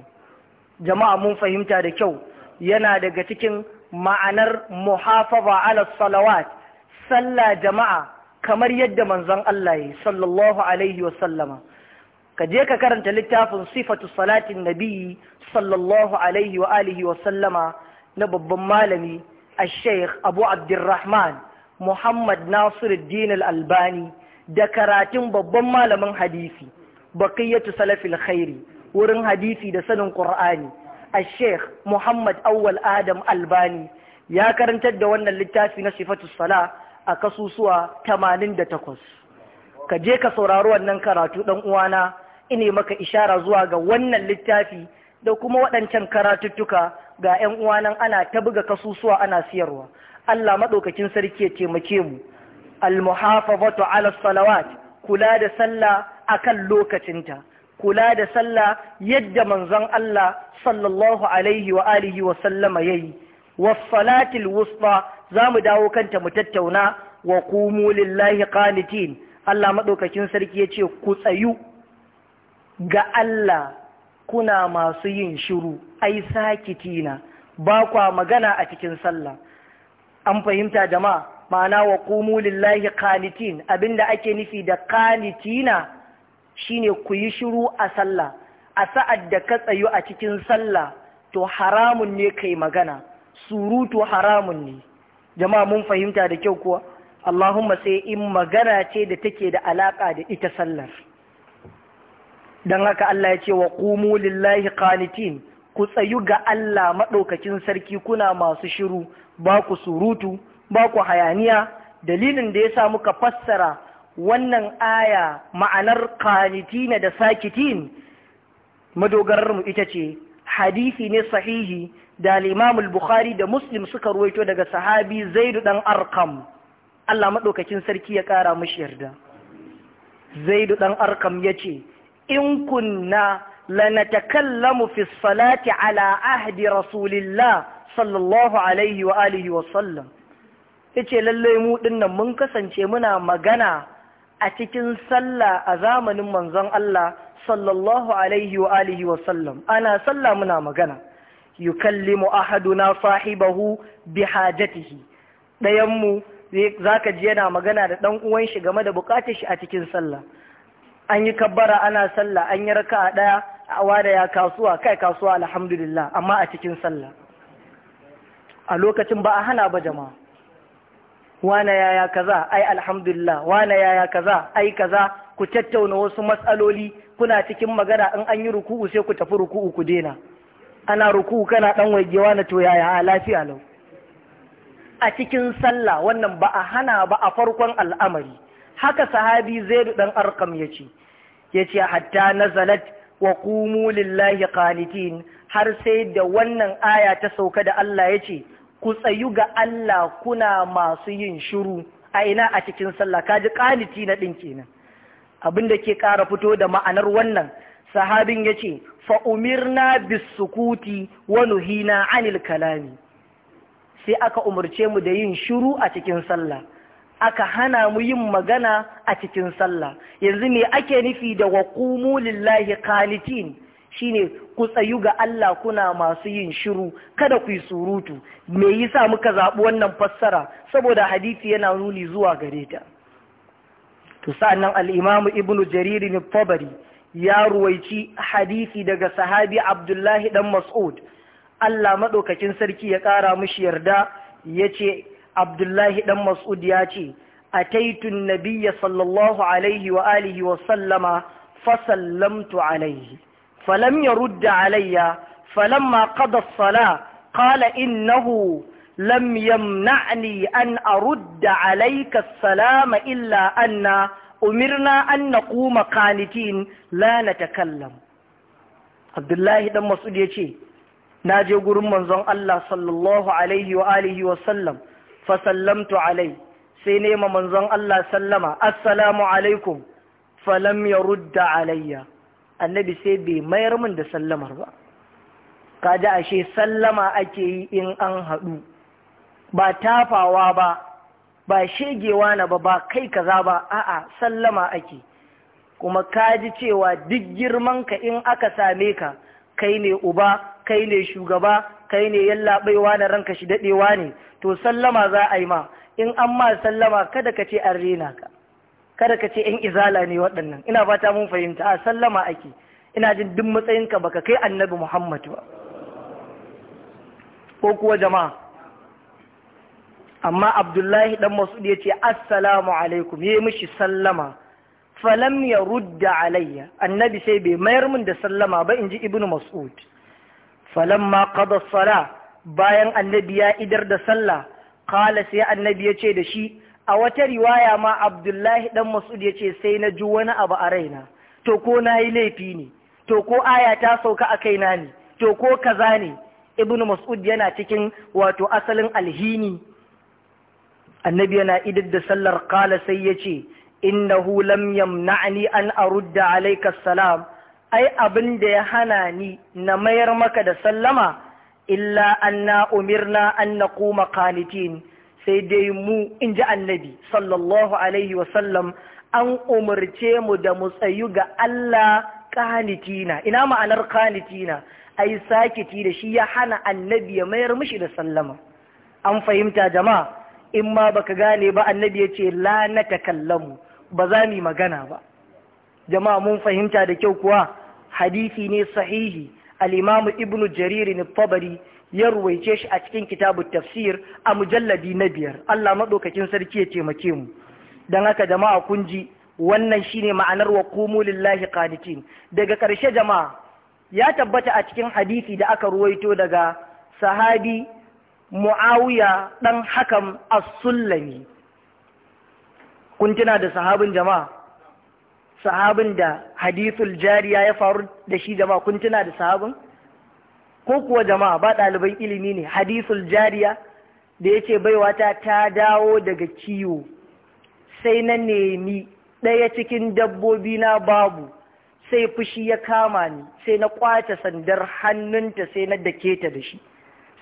jama'a mun fahimta da kyau yana daga cikin ma'anar muhafaza ala salawat sallah jama'a kamar yadda manzon Allah ya sallallahu alaihi wa sallama ka je ka karanta littafin sifatu salatin nabi sallallahu alaihi wa alihi wa sallama na babban malami الشيخ أبو عبد الرحمن محمد ناصر الدين الألباني da karatun babban malamin hadisi baqiyatu salafil khairi wurin hadisi da sanin qur'ani al-sheikh muhammad awwal adam albani ya karantar da wannan littafi na sifatu sala a kasusuwa 88 ka je ka saurari wannan karatu dan uwana ine maka ishara zuwa ga wannan littafi da kuma waɗancan karatuttuka ga 'yan uwanan ana ta buga kasusuwa ana siyarwa Allah madaukakin sarki ya taimake mu al-muhafazatu ala salawat kula da sallah akan lokacinta kula da sallah yadda manzon Allah sallallahu alaihi wa alihi wa sallama yayi was salatil wusta zamu dawo kanta mu tattauna wa qumu lillahi qanitin Allah madaukakin sarki yace ku tsayu ga Allah kuna masu yin shiru ai sakitina ba kwa magana a cikin sallah an fahimta jama'a ma'ana wa kumu lillahi qanitin abinda ake nufi da qanitina shine ku yi shiru a sallah a sa'ad da ka tsayu a cikin sallah to haramun ne kai magana surutu haramun ne jama'a mun fahimta da kyau kuwa Allahumma sai in magana ce da take da alaƙa da ita sallar don haka Allah ya ce wa kumu lillahi qanitin ku tsayu ga Allah maɗaukacin sarki kuna masu shiru ba ku surutu ba ku hayaniya dalilin da ya sa muka fassara wannan aya ma'anar kanitina da sakitin madogararmu ita ce hadisi ne sahihi da al bukhari da Muslim suka ruwaito daga sahabi Zaidu dan Arqam Allah maɗaukakin sarki ya ƙara mashi yarda Zaid dan ya ce, in kunna lanatakallamu fi salati ala ahdi rasulillah sallallahu alaihi wa alihi wa sallam yace lallai mu dinnan mun kasance muna magana a cikin sallah a zamanin manzon Allah sallallahu alaihi wa alihi wa sallam ana sallah muna magana yukallimu ahaduna sahibahu bihajatihi dayan mu zaka ji yana magana da dan uwan shi game da bukatar shi a cikin sallah an yi kabbara ana sallah an yi raka'a daya a wada ya kasuwa kai kasuwa alhamdulillah amma a cikin sallah a lokacin ba a hana ba jama'a wane yaya kaza ai alhamdulillah wane yaya kaza ai kaza ku tattauna wasu matsaloli kuna cikin magana in an yi ruku'u sai ku tafi ruku'u ku dena ana ruku'u kana dan waigewa na to yaya a lafiya lau a cikin sallah wannan ba a hana ba a farkon al'amari haka sahabi zaidu dan arkam yace yace hatta nazalat wa qumu lillahi qanitin har sai da wannan aya ta sauka da Allah yace ku tsayu ga Allah kuna masu yin shiru a ina a cikin sallah kaji kaniti na ɗin kenan abin da ke ƙara fito da ma'anar wannan sahabin ya ce fa'umirna sukuti wa nuhina anil kalami sai aka umarce mu da yin shiru a cikin sallah aka hana mu yin magana a cikin sallah yanzu me ake nufi da waqumu lillahi qanitin shine ku tsayu ga Allah kuna masu yin shiru kada ku yi surutu me yasa muka zaɓi wannan fassara saboda hadisi yana nuni zuwa gare ta to sa'annan al-Imam Ibn Jarir al-Tabari ya ruwaici hadisi daga sahabi Abdullahi dan Mas'ud Allah madaukakin sarki ya ƙara mishi yarda yace Abdullahi dan Mas'ud ya ce taitun nabiyya sallallahu alaihi wa alihi wa sallama fasallamtu alaihi falam ya rudda alayya falam qada as-sala qala innahu lam yamna'ni an arudda alayka as-salama illa anna umirna an naquma qanitin la natakallam Abdullahi ya ce, na je gurin manzon Allah sallallahu alaihi wa alihi wa sallam fa sallamtu alai sai nema manzon Allah sallama assalamu alaikum falam yarudda alayya annabi sai bai mayar min da sallamar ba kaji ashe sallama ake yi in an haɗu ba tafawa ba ba shegewa na ba ba kai kaza ba a'a sallama ake kuma ka ji cewa duk girmanka in aka same ka kai ne uba kai ne shugaba kai ne yallaɓaiwa na ranka shi daɗewa ne to sallama za a yi ma in an ma sallama kada ka ce an rena ka kada ka ce 'yan izala ne waɗannan ina fata mun fahimta a sallama ake ina jin duk matsayinka baka kai annabi muhammad ba ko kuwa jama'a amma abdullahi dan masud ya ce assalamu alaikum ya yi mishi sallama falam ya rudda alayya annabi sai bai mayar min da sallama ba in ji ibnu mas'ud Falam ma qada sala bayan annabi ya idar da sallah qala sai annabi ya ce da shi a wata riwaya ma abdullahi ɗan mas'ud ya ce sai na ji wani abu a raina to ko na yi laifi ne to ko aya ta sauka a kaina ne to ko kaza ne ibnu mas'ud yana cikin wato asalin alhini annabi yana idar da sallar kala sai ya ce innahu lam yamna'ni an arudda alayka salam ai abin da ya hana ni na mayar maka da sallama illa anna umirna an naquma qanitin sai dai mu in ji annabi sallallahu alaihi wasallam an umarce mu da mu tsayu ga Allah kanitina ina ma'anar kanitina ai sakiti da shi ya hana annabi ya mayar mishi da sallama an fahimta jama'a in ma baka gane ba annabi ya ce la na takallamu ba za mu magana ba jama'a mun fahimta da kyau kuwa hadisi ne sahihi al imamu ibnu jarir ne tabari ya ruwaice shi a cikin kitabu tafsir a mujalladi na biyar Allah maɗaukakin sarki ya taimake mu don haka jama'a kun ji wannan shine ma'anar wa kumu lillahi qanitin daga ƙarshe jama'a ya tabbata a cikin hadisi da aka ruwaito daga sahabi Muawiya ɗan hakan as-Sullami kun tuna da sahabin jama'a sahabin da hadithul jariya ya faru da shi jama'a kun tuna da sahabin ko kuwa jama'a ba ɗaliban ilimi ne hadisul jariya da yace baiwata ta dawo daga kiwo. sai na nemi ɗaya cikin dabbobi na babu sai fushi ya kama ni sai na kwace sandar hannunta sai na dake ta da shi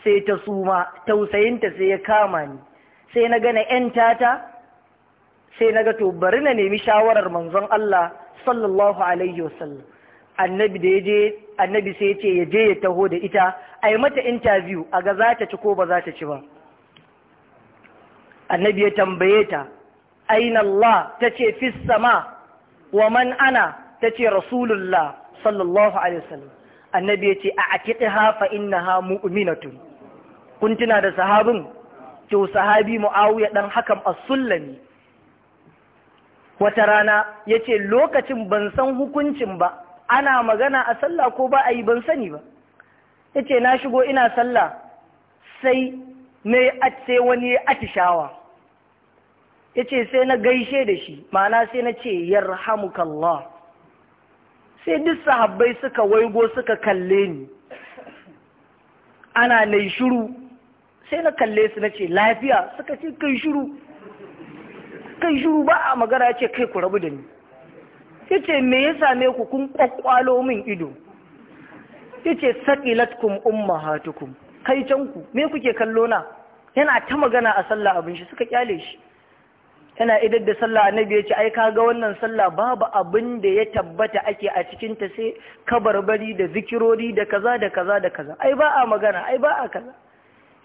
sai ta suma tausayinta sai ya kama ni sai na gana ƴan tata sai na ga to bari na nemi shawarar manzon Allah sallallahu alaihi wasallam annabi da ya je annabi sai ya ce ya je ya taho da ita a yi mata interview a ga za ta ci ko ba za ta ci ba annabi ya tambaye ta aina Allah ta ce fi sama wa man ana ta ce rasulullah sallallahu alaihi wasallam annabi ya ce a aqiqha fa innaha mu'minatun kun tuna da sahabin to sahabi muawiya ɗan hakan as-sullami wata rana yace lokacin ban san hukuncin ba ana magana a sallah ko ba a yi ban sani ba Ya ce na shigo ina sallah sai yi sai wani ya atishawa ce sai na gaishe da shi ma'ana sai na ce yarhamukallah sai duk sahabbai suka waigo suka kalle ni ana nai shiru sai na kalle su na ce lafiya suka ce kai shiru kai shiru ba a magana ya ce kai ku rabu da ni Yace me ya same ku kun kwakwalo min ido ya ce saƙilatkum ummahatukum kai can ku me kuke kallo na yana ta magana a sallah abin shi suka kyale shi yana idar da sallah annabi ya ce ai ka ga wannan sallah babu abin da ya tabbata ake a cikin ta sai kabarbari da zikirori da kaza da kaza da kaza ai ba a magana ai ba a kaza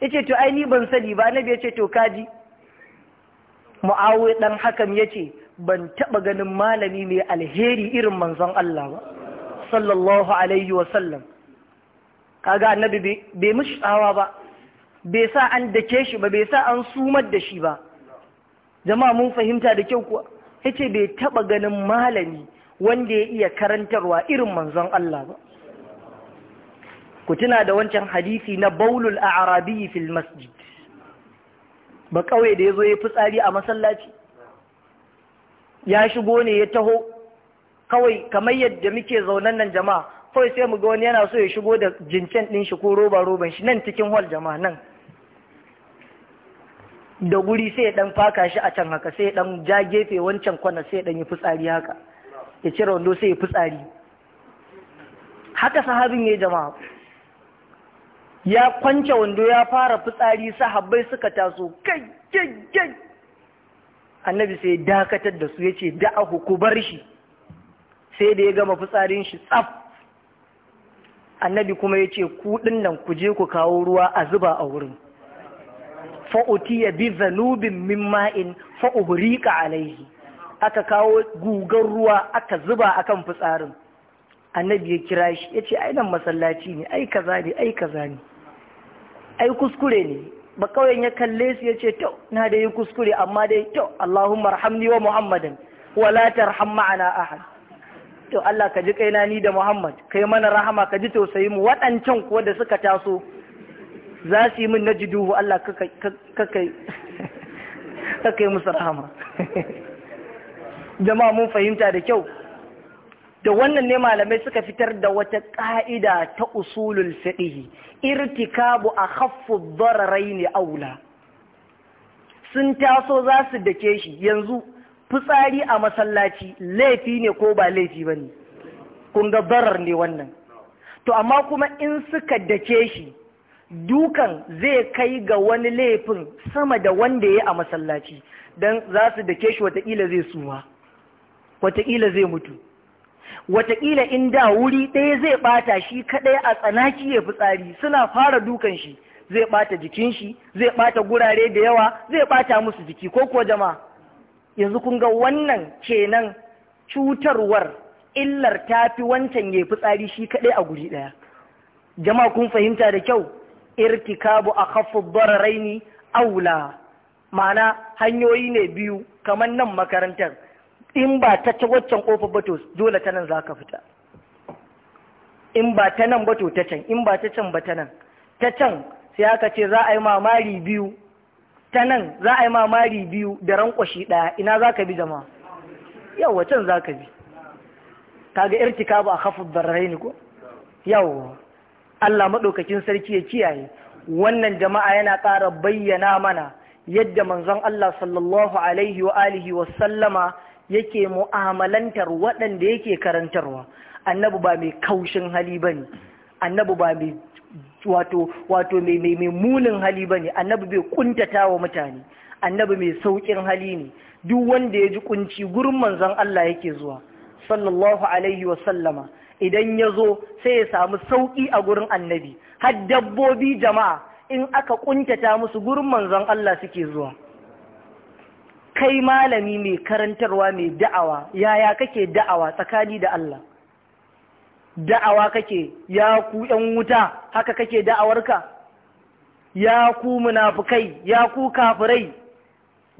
yace to ai ni ban sani ba annabi ya ce to kaji mu'awi dan hakam yace ban taɓa ganin malami mai alheri irin manzon Allah ba sallallahu alaihi wasallam kaga annabi bai mishi tsawa ba bai sa an dake shi ba bai sa an sumar da shi ba jama'a mun fahimta da kyau kuwa Ya ce bai taɓa ganin malami wanda ya iya karantarwa irin manzon Allah ba ku tuna da wancan hadisi na baulul a fil masjid ba kawai da ya zo ya fi tsari a masallaci ya shigo ne ya taho kawai kamar yadda muke zaunan nan jama'a kawai sai mu ga wani yana so ya shigo da jincen din shi ko roba roban shi nan cikin hall jama'a nan da guri sai ya dan faka shi a can haka sai ya dan ja gefe wancan kwana sai ya dan yi fitsari haka ya cire wando sai ya fitsari haka sahabin ya jama'a ya kwance wando ya fara fitsari sahabbai suka taso kai kai kai annabi sai dakatar da su ya ce aku ku bar shi sai da ya gama fitsarin shi tsaf annabi kuma ya ce kuɗin nan ku je ku kawo ruwa a zuba a wurin fa'utiya bi zanubin min ma'in fa'uhurika alaihi aka kawo gugar ruwa aka zuba akan fitsarin annabi ya kira shi ya ce ai nan masallaci ne ai kaza ne ai kaza ne ai kuskure ne ba kawai ya kalle su ya ce to na da yi kuskure amma dai to Allahumma rahamni wa Muhammadin wala tarham ma'ana ahad to Allah ka ji kaina ni da Muhammad kai mana rahama ka ji tausayi mu waɗancan kuwa da suka taso za su yi min na duhu Allah ka kai musu rahama jama'a mun fahimta da kyau da wannan ne malamai suka fitar da wata ƙa'ida ta usulul fiqh irtikabu akhaffu ne aula sun taso za su dake shi yanzu fitsari a masallaci laifi ne ko ba laifi bane kun ga barar ne wannan to amma kuma in suka dake shi dukan zai kai ga wani laifin sama da wanda ya a masallaci don za su dake shi wataƙila zai suma wataƙila zai mutu wataƙila in da wuri ɗaya zai ɓata shi kaɗai a tsanaki ya fitsari suna fara dukan shi zai ɓata jikin shi zai ɓata gurare da yawa zai ɓata musu jiki ko kuwa jama'a yanzu kun ga wannan kenan cutarwar illar ta fi wancan ya fitsari shi kaɗai a guri ɗaya jama'a kun fahimta da kyau irtikabu a khaffud raini aula ma'ana hanyoyi ne biyu kamar nan makarantar in ba ta ci waccan kofar ba to dole ta nan za ka fita in ba ta nan ba to ta can in ba ta can ba ta nan ta can sai aka ce za a yi mamari biyu ta nan za a yi mamari biyu da rankwashi ɗaya ina za ka bi zama yau can za ka bi kaga irtika ba a kafa barrai ne ko yau Allah maɗaukakin sarki ya kiyaye wannan jama'a yana ƙara bayyana mana yadda manzon Allah sallallahu alaihi wa alihi wa sallama yake mu'amalantar waɗanda yake karantarwa annabi ba mai kaushin hali ba ne annabi ba mai wato wato mai mai munin hali ba ne annabi bai kuntata wa mutane annabi mai sauƙin hali ne duk wanda ya ji kunci gurin manzon Allah yake zuwa sallallahu alaihi wa sallama idan ya zo sai ya samu sauƙi a gurin annabi har dabbobi jama'a in aka kuntata musu gurin manzon Allah suke zuwa kai malami mai karantarwa mai da'awa yaya kake da'awa tsakani da Allah da'awa kake ya ku ‘yan wuta haka kake da'awarka ya ku munafukai ya ku kafirai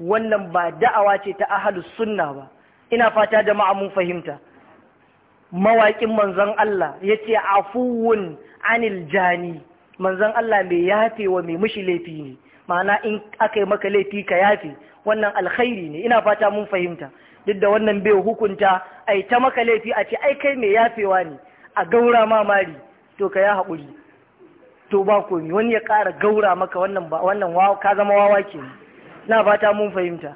wannan ba da'awa ce ta Ahlus sunna ba ina fata da mun fahimta mawaƙin manzon Allah ya ce afuwun anil jani manzon Allah mai yafewa mai mushi laifi ne ma'ana in aka yi maka laifi ka yafi wannan alkhairi ne ina fata mun fahimta duk da wannan bai hukunta yi ta maka laifi a ce ai kai mai yafewa ne a gaura ma to ka ya haƙuri to ba komi wani ya ƙara gaura maka wannan ba ka zama wawa ke na fata mun fahimta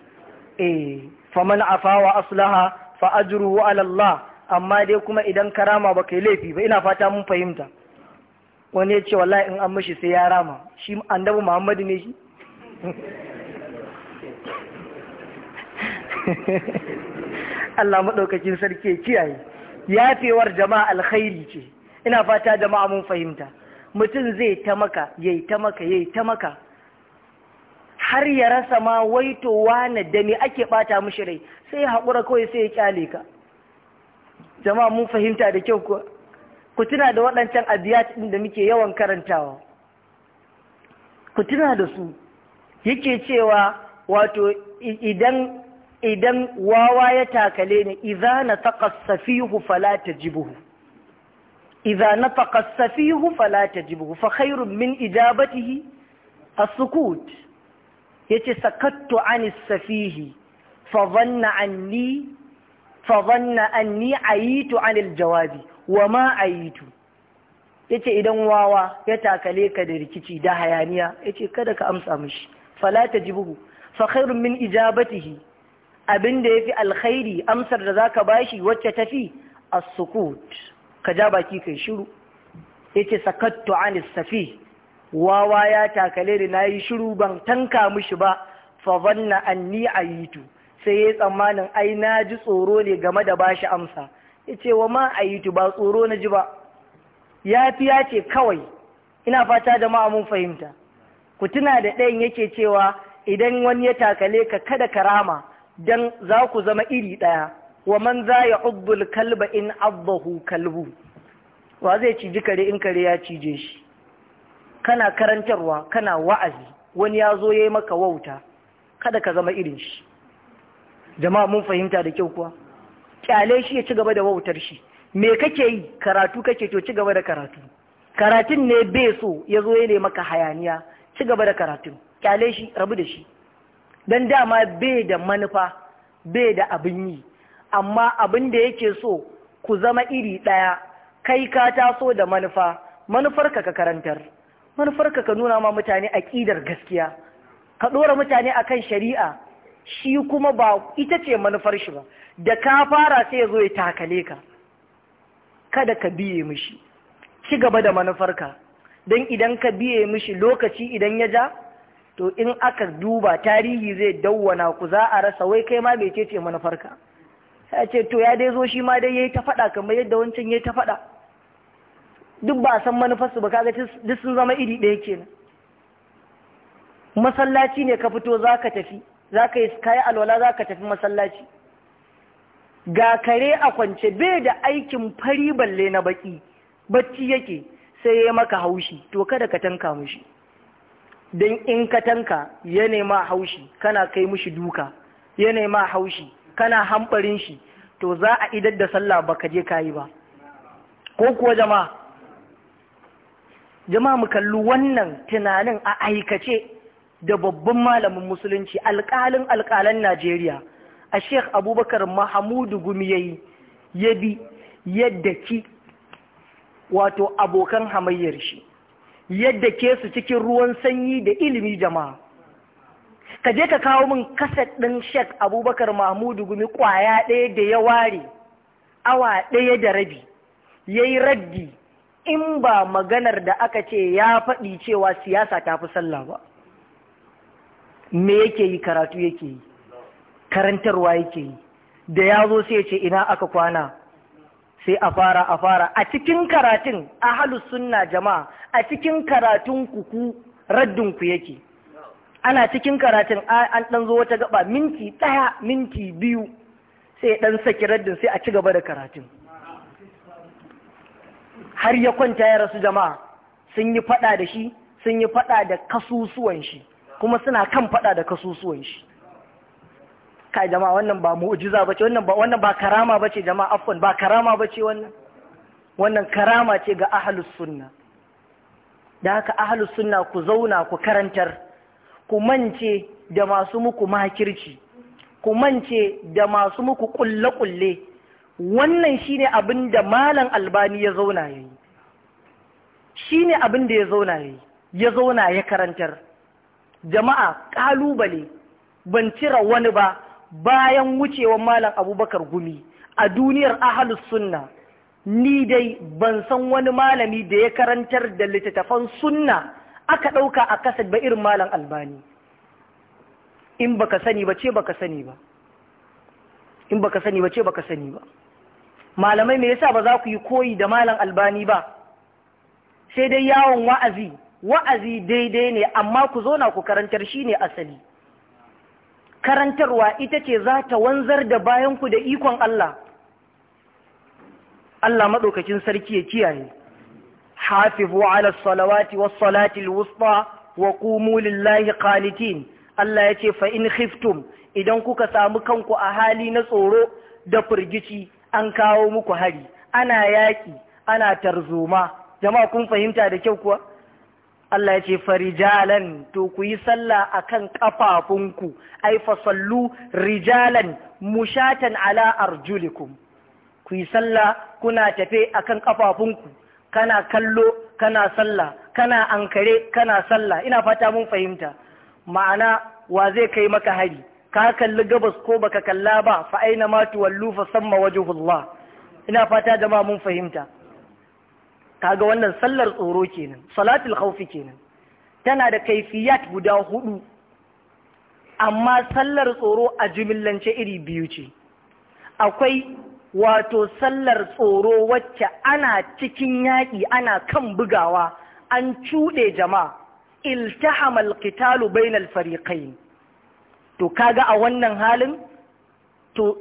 eh faman afa wa aslaha fa ajruhu ala Allah amma dai kuma idan karama ba kai laifi ba ina fata mun fahimta wani ya ce wallahi in an mashi sai ya rama shi dabu muhammadu ne shi Allah maɗaukakin sarki kiyaye yafewar jama'a alkhairi ce ina fata jama'a mun fahimta mutum zai ta maka yayi ta maka ta maka har ya rasa ma waitowa na da ake ɓata mishi rai sai haƙura kawai sai ya kyale ka jama'a mun fahimta da kyau kuwa ku tuna da waɗancan abiyat ɗin da muke yawan karantawa ku tuna da su yake cewa wato idan idan wawa ya takale ni idza nataqa safihu fala tajibuhu idza nataqa safihu fala tajibuhu fa khairun min ijabatihi as-sukut yace sakattu anis safihi fa dhanna anni fa dhanna anni ayitu jawabi wa ma ayitu yace idan wawa ya takale ka da rikici da hayaniya yace kada ka amsa mishi fala bugu fa khairun min ijabatihi abinda yafi alkhairi amsar da zaka bashi wacce tafi as-sukut ka ja baki kai shiru yace sakattu anis safi wawa ya takale da nayi shiru ban tanka mishi ba fa zanna anni ayitu sai ya tsammanin ai na ji tsoro ne game da bashi amsa ya ce wa ma a yi ba tsoro na ji ba ya fi ya ce kawai ina fata da mun fahimta ku tuna da ɗayan yake cewa idan wani ya takale ka kada karama don za ku zama iri ɗaya wa man za ya ubbul kalba in abbahu kalbu wa zai ciji kare in kare ya cije shi kana karantarwa kana wa'azi wani ya zo ya yi maka wauta kada ka zama irin shi jama'a mun fahimta da kyau kuwa kyale shi ya ci gaba da wautar shi me kake yi karatu kake to ci gaba da karatu karatun ne be so ya zo ya ne maka hayaniya ci gaba da karatun kyale shi rabu da shi don dama bai da manufa bai da abin yi amma abin da yake so ku zama iri ɗaya kai ka taso da manufa Manufar ka karantar manufarka ka nuna ma mutane aƙidar gaskiya ka ɗora mutane akan shari'a shi kuma ba ita ce manufar shi ba da ka fara sai ya zo ya takale ka kada ka biye mishi ci gaba da manufarka don idan ka biye mishi lokaci idan ya ja to in aka duba tarihi zai dawwana ku za a rasa wai kai ma bai ce manufarka sai ce to ya dai zo shi ma dai ya yi ta faɗa kamar yadda wancan ya yi ta faɗa duk ba san manufarsu ba kaga duk sun zama iri ɗaya kenan masallaci ne ka fito za ka tafi za ka yi kayi za ka tafi masallaci ga kare a kwance bai da aikin fari balle na baki bacci yake sai ya maka haushi to kada ka tanka mushi don in ka tanka ya nema haushi kana kai mushi duka ya nema haushi kana hamɓarin shi to za a idar da sallah baka je kayi ba ko kuwa jama'a jama'a mu kalli wannan tunanin a aikace da babban malamin musulunci alƙalin alƙalan Najeriya a sheikh abubakar mahamudu gumi ya yi ya bi yadda ki wato abokan hamayyar shi yadda ke su cikin ruwan sanyi da ilimi jama'a ka je ka kawo min kaset ɗin sheikh abubakar mahmudu gumi ƙwaya ɗaya da ya ware awa ɗaya da rabi ya yi raddi in ba maganar da aka ce ya faɗi cewa siyasa ta fi sallah ba me yake yi karatu yake yi karantarwa yake yi da ya zo sai ce ina aka kwana sai a fara a fara a cikin karatun ahalus sunna jama'a a cikin karatun kuku raddin ku yake ana cikin karatun an ɗan zo wata gaba minti ɗaya minti biyu sai ɗan saki raddin sai a ci gaba da karatun har ya kwanta ya rasu jama'a sun yi faɗa da shi sun yi faɗa da kasusuwan shi kuma suna kan faɗa da kasusuwan shi kai jama'a wannan ba mu'jiza bace wannan ba wannan ba karama bace jama'a afwan ba karama bace wannan wannan karama ce ga ahlus sunna da haka ahlus sunna ku zauna ku karantar ku mance da masu muku makirci ku mance da masu muku kulle kulle wannan shine abin da malam albani ya zauna yayi shine abin da ya zauna yayi ya zauna ya karantar jama'a kalubale ban cira wani ba bayan wucewar malam abubakar gumi a duniyar ahalus sunna ni dai ban san wani malami da ya karantar da littattafan sunna aka ɗauka a ƙasa ba irin malam albani in baka sani ba ce baka sani ba in baka sani ba ce baka sani ba malamai me yasa ba za ku yi koyi da malam albani ba sai dai yawon wa'azi wa'azi daidai ne amma ku zo na ku karantar shi ne asali karantarwa ita ce za ta wanzar da bayanku da ikon Allah Allah maɗaukacin sarki ya kiyaye hafifu ala salawati wa salati alwusta wa qumu lillahi qanitin Allah ya ce fa in khiftum idan kuka samu kanku a hali na tsoro da firgici an kawo muku hari ana yaƙi ana tarzoma jama'a kun fahimta da kyau kuwa Allah ya ce farijalan to ku yi sallah akan kafafunku ai fasallu rijalan mushatan ala arjulikum ku yi sallah kuna tafe akan kafafunku kana kallo kana sallah kana ankare kana sallah ina fata mun fahimta ma'ana wa zai kai maka hari ka kalli gabas ko baka kalla ba fa aina ma tuwallu fa samma wajhullah ina fata jama'a mun fahimta kaga wannan sallar tsoro kenan salatul khawfi kenan tana da kaifiyat guda hudu amma sallar tsoro a jumillance iri biyu ce akwai wato sallar tsoro wacce ana cikin yaƙi ana kan bugawa an cuɗe jama'a iltahamal qitalu bainal fariqain to kaga a wannan halin to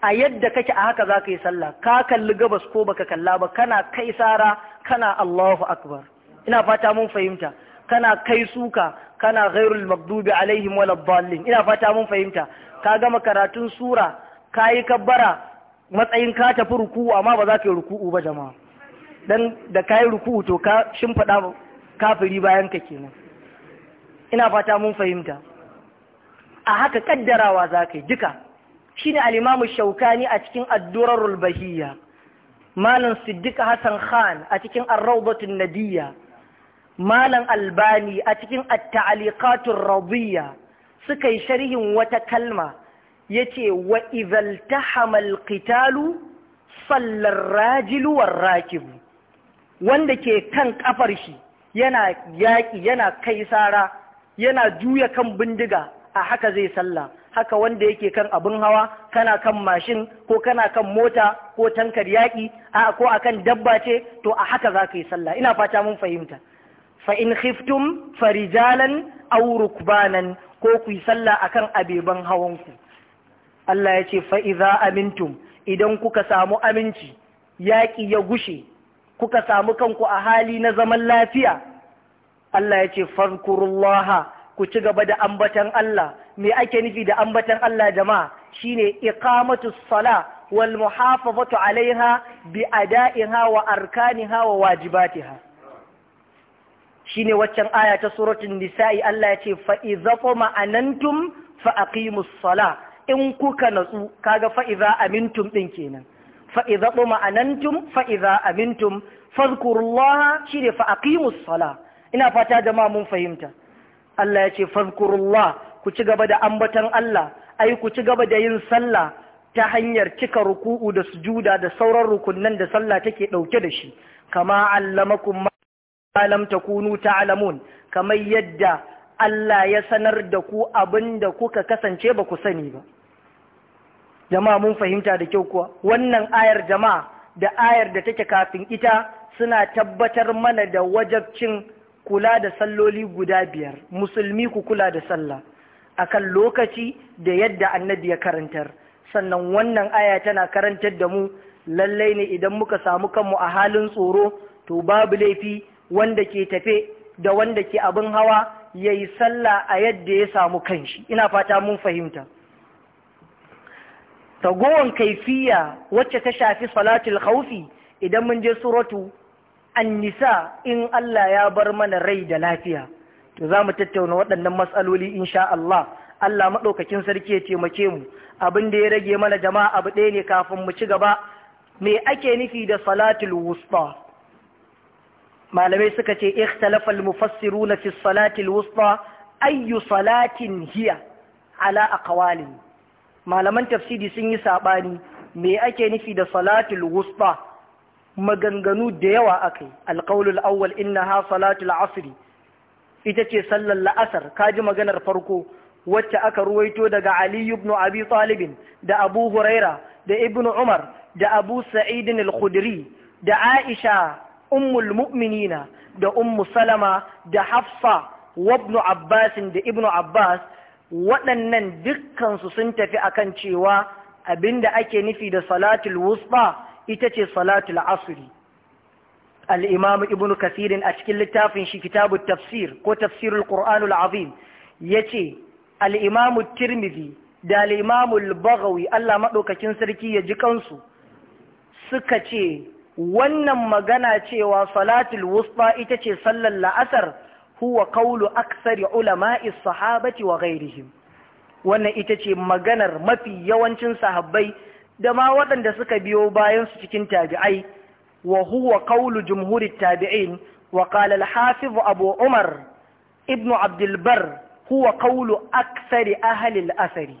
a yadda kake a haka za ka yi sallah ka kalli gabas ko baka kalla ba kana kai sara kana Allahu akbar ina fata mun fahimta kana kai suka kana ghairul maghdubi alaihim waladdallin ina fata mun fahimta ka gama karatun sura kayi kabbara matsayin ka tafi ruku'u amma ba za ka yi ruku'u ba jama'a dan da kayi ruku'u to ka shimfida kafiri bayan ka kenan ina fata mun fahimta a haka kaddarawa za ka yi duka shine al-Imam Shawkani a cikin Ad-Durarul Bahiyya Malam Siddiq Hassan Khan a cikin Ar-Rawdatun Nadiyya Malam Albani a cikin At-Ta'liqatur Radiyya suka yi sharhin wata kalma yace wa idhal hamal qitalu sallar rajilu war rakib wanda ke kan kafar shi yana yaƙi yana kai sara yana juya kan bindiga a haka zai sallah haka wanda yake kan abin hawa kana kan mashin ko kana kan mota ko tankar yaƙi a ko akan dabba ce to a haka za ka yi sallah ina fata mun fahimta fa in khiftum farijalan aw rukbanan ko ku yi sallah akan abeban hawanku Allah ya ce fa idza amintum idan kuka samu aminci yaƙi ya gushe kuka samu kanku a hali na zaman lafiya Allah ya ce fankurullaha. ku ci gaba da ambatan Allah me ake nufi da ambatan Allah jama'a shine iqamatus sala wal muhafazatu alaiha bi ada'iha wa arkaniha wa wajibatiha shine waccan aya ta suratul nisa'i Allah ya ce fa idza qama anantum fa aqimus sala in kuka natsu kaga fa idza amintum din kenan fa idza qama anantum fa idza amintum fadhkurullaha shine fa aqimus sala ina fata jama'a mun fahimta Allah ya ce fazkurullah ku ci gaba da ambatan Allah ai ku ci gaba da yin sallah ta hanyar cika ruku'u da sujuda da sauran rukunnan da sallah take dauke da shi kama allamakum ma lam takunu ta'lamun kamar yadda Allah ya sanar da ku abinda kuka kasance ba ku sani ba jama'a mun fahimta da kyau kuwa wannan ayar jama'a da ayar da take kafin ita suna tabbatar mana da wajabcin kula da salloli guda biyar musulmi ku kula da sallah akan lokaci da yadda annabi ya karantar sannan wannan aya tana karantar da mu lallai ne idan muka samu kanmu a halin tsoro to babu laifi wanda ke tafe da wanda ke abin hawa ya yi sallah a yadda ya samu kanshi ina fata mun fahimta tagowar kaifiya wacce ta shafi salatul khawfi idan mun je suratu annisa in Allah ya bar mana rai da lafiya to za mu tattauna waɗannan matsaloli insha Allah Allah maɗaukakin sarki ya taimake mu abin da ya rage mana jama'a abu ɗaya ne kafin mu ci gaba me ake nufi da salatul wusta malamai suka ce ikhtalafa mufassiruna fi salatul wusta ayyu salatin hiya ala aqwalin malaman tafsiri sun yi sabani me ake nufi da salatul wusta maganganu da yawa akai alqaulul awwal ha salatul asiri ita ce sallar la'asar kaji maganar farko wacce aka ruwaito daga Ali ibn Abi Talib da Abu Huraira da Ibn Umar da Abu Sa'id al-Khudri da Aisha ummul mu'minina da ummu Salama da Hafsa wa ibn Abbas da Ibn Abbas waɗannan dukkansu sun tafi akan cewa abinda ake nufi da salatul wusta ita ce salatul asiri al-imam ibnu kasirin a cikin littafin shi kitabut tafsir ko tafsirul qur'anul yace al-imam tirmidhi da al-imam Allah madaukakin sarki ya ji kansu suka ce wannan magana cewa salatul wusta ita ce sallar la'asar huwa kaulu aksari ulama'is sahabati wa ghairihim wannan ita ce maganar mafi yawancin sahabbai da ma waɗanda suka biyo bayan su cikin tabi'ai wa huwa qawlu tabi'in wa qala al-hafiz abu umar ibnu abdul bar huwa qawlu aktsari ahli al-asari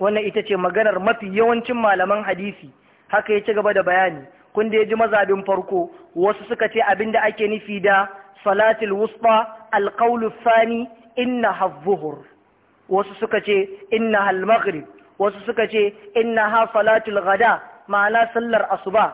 wannan ita ce maganar mafi yawancin malaman hadisi haka ya ci gaba da bayani kun da ya ji mazabin farko wasu suka ce abinda ake nufi da salatul wusta alqawlu thani inna hazuhur wasu suka ce inna al maghrib wasu suka ce inna ha salatul gada ma'ana sallar asuba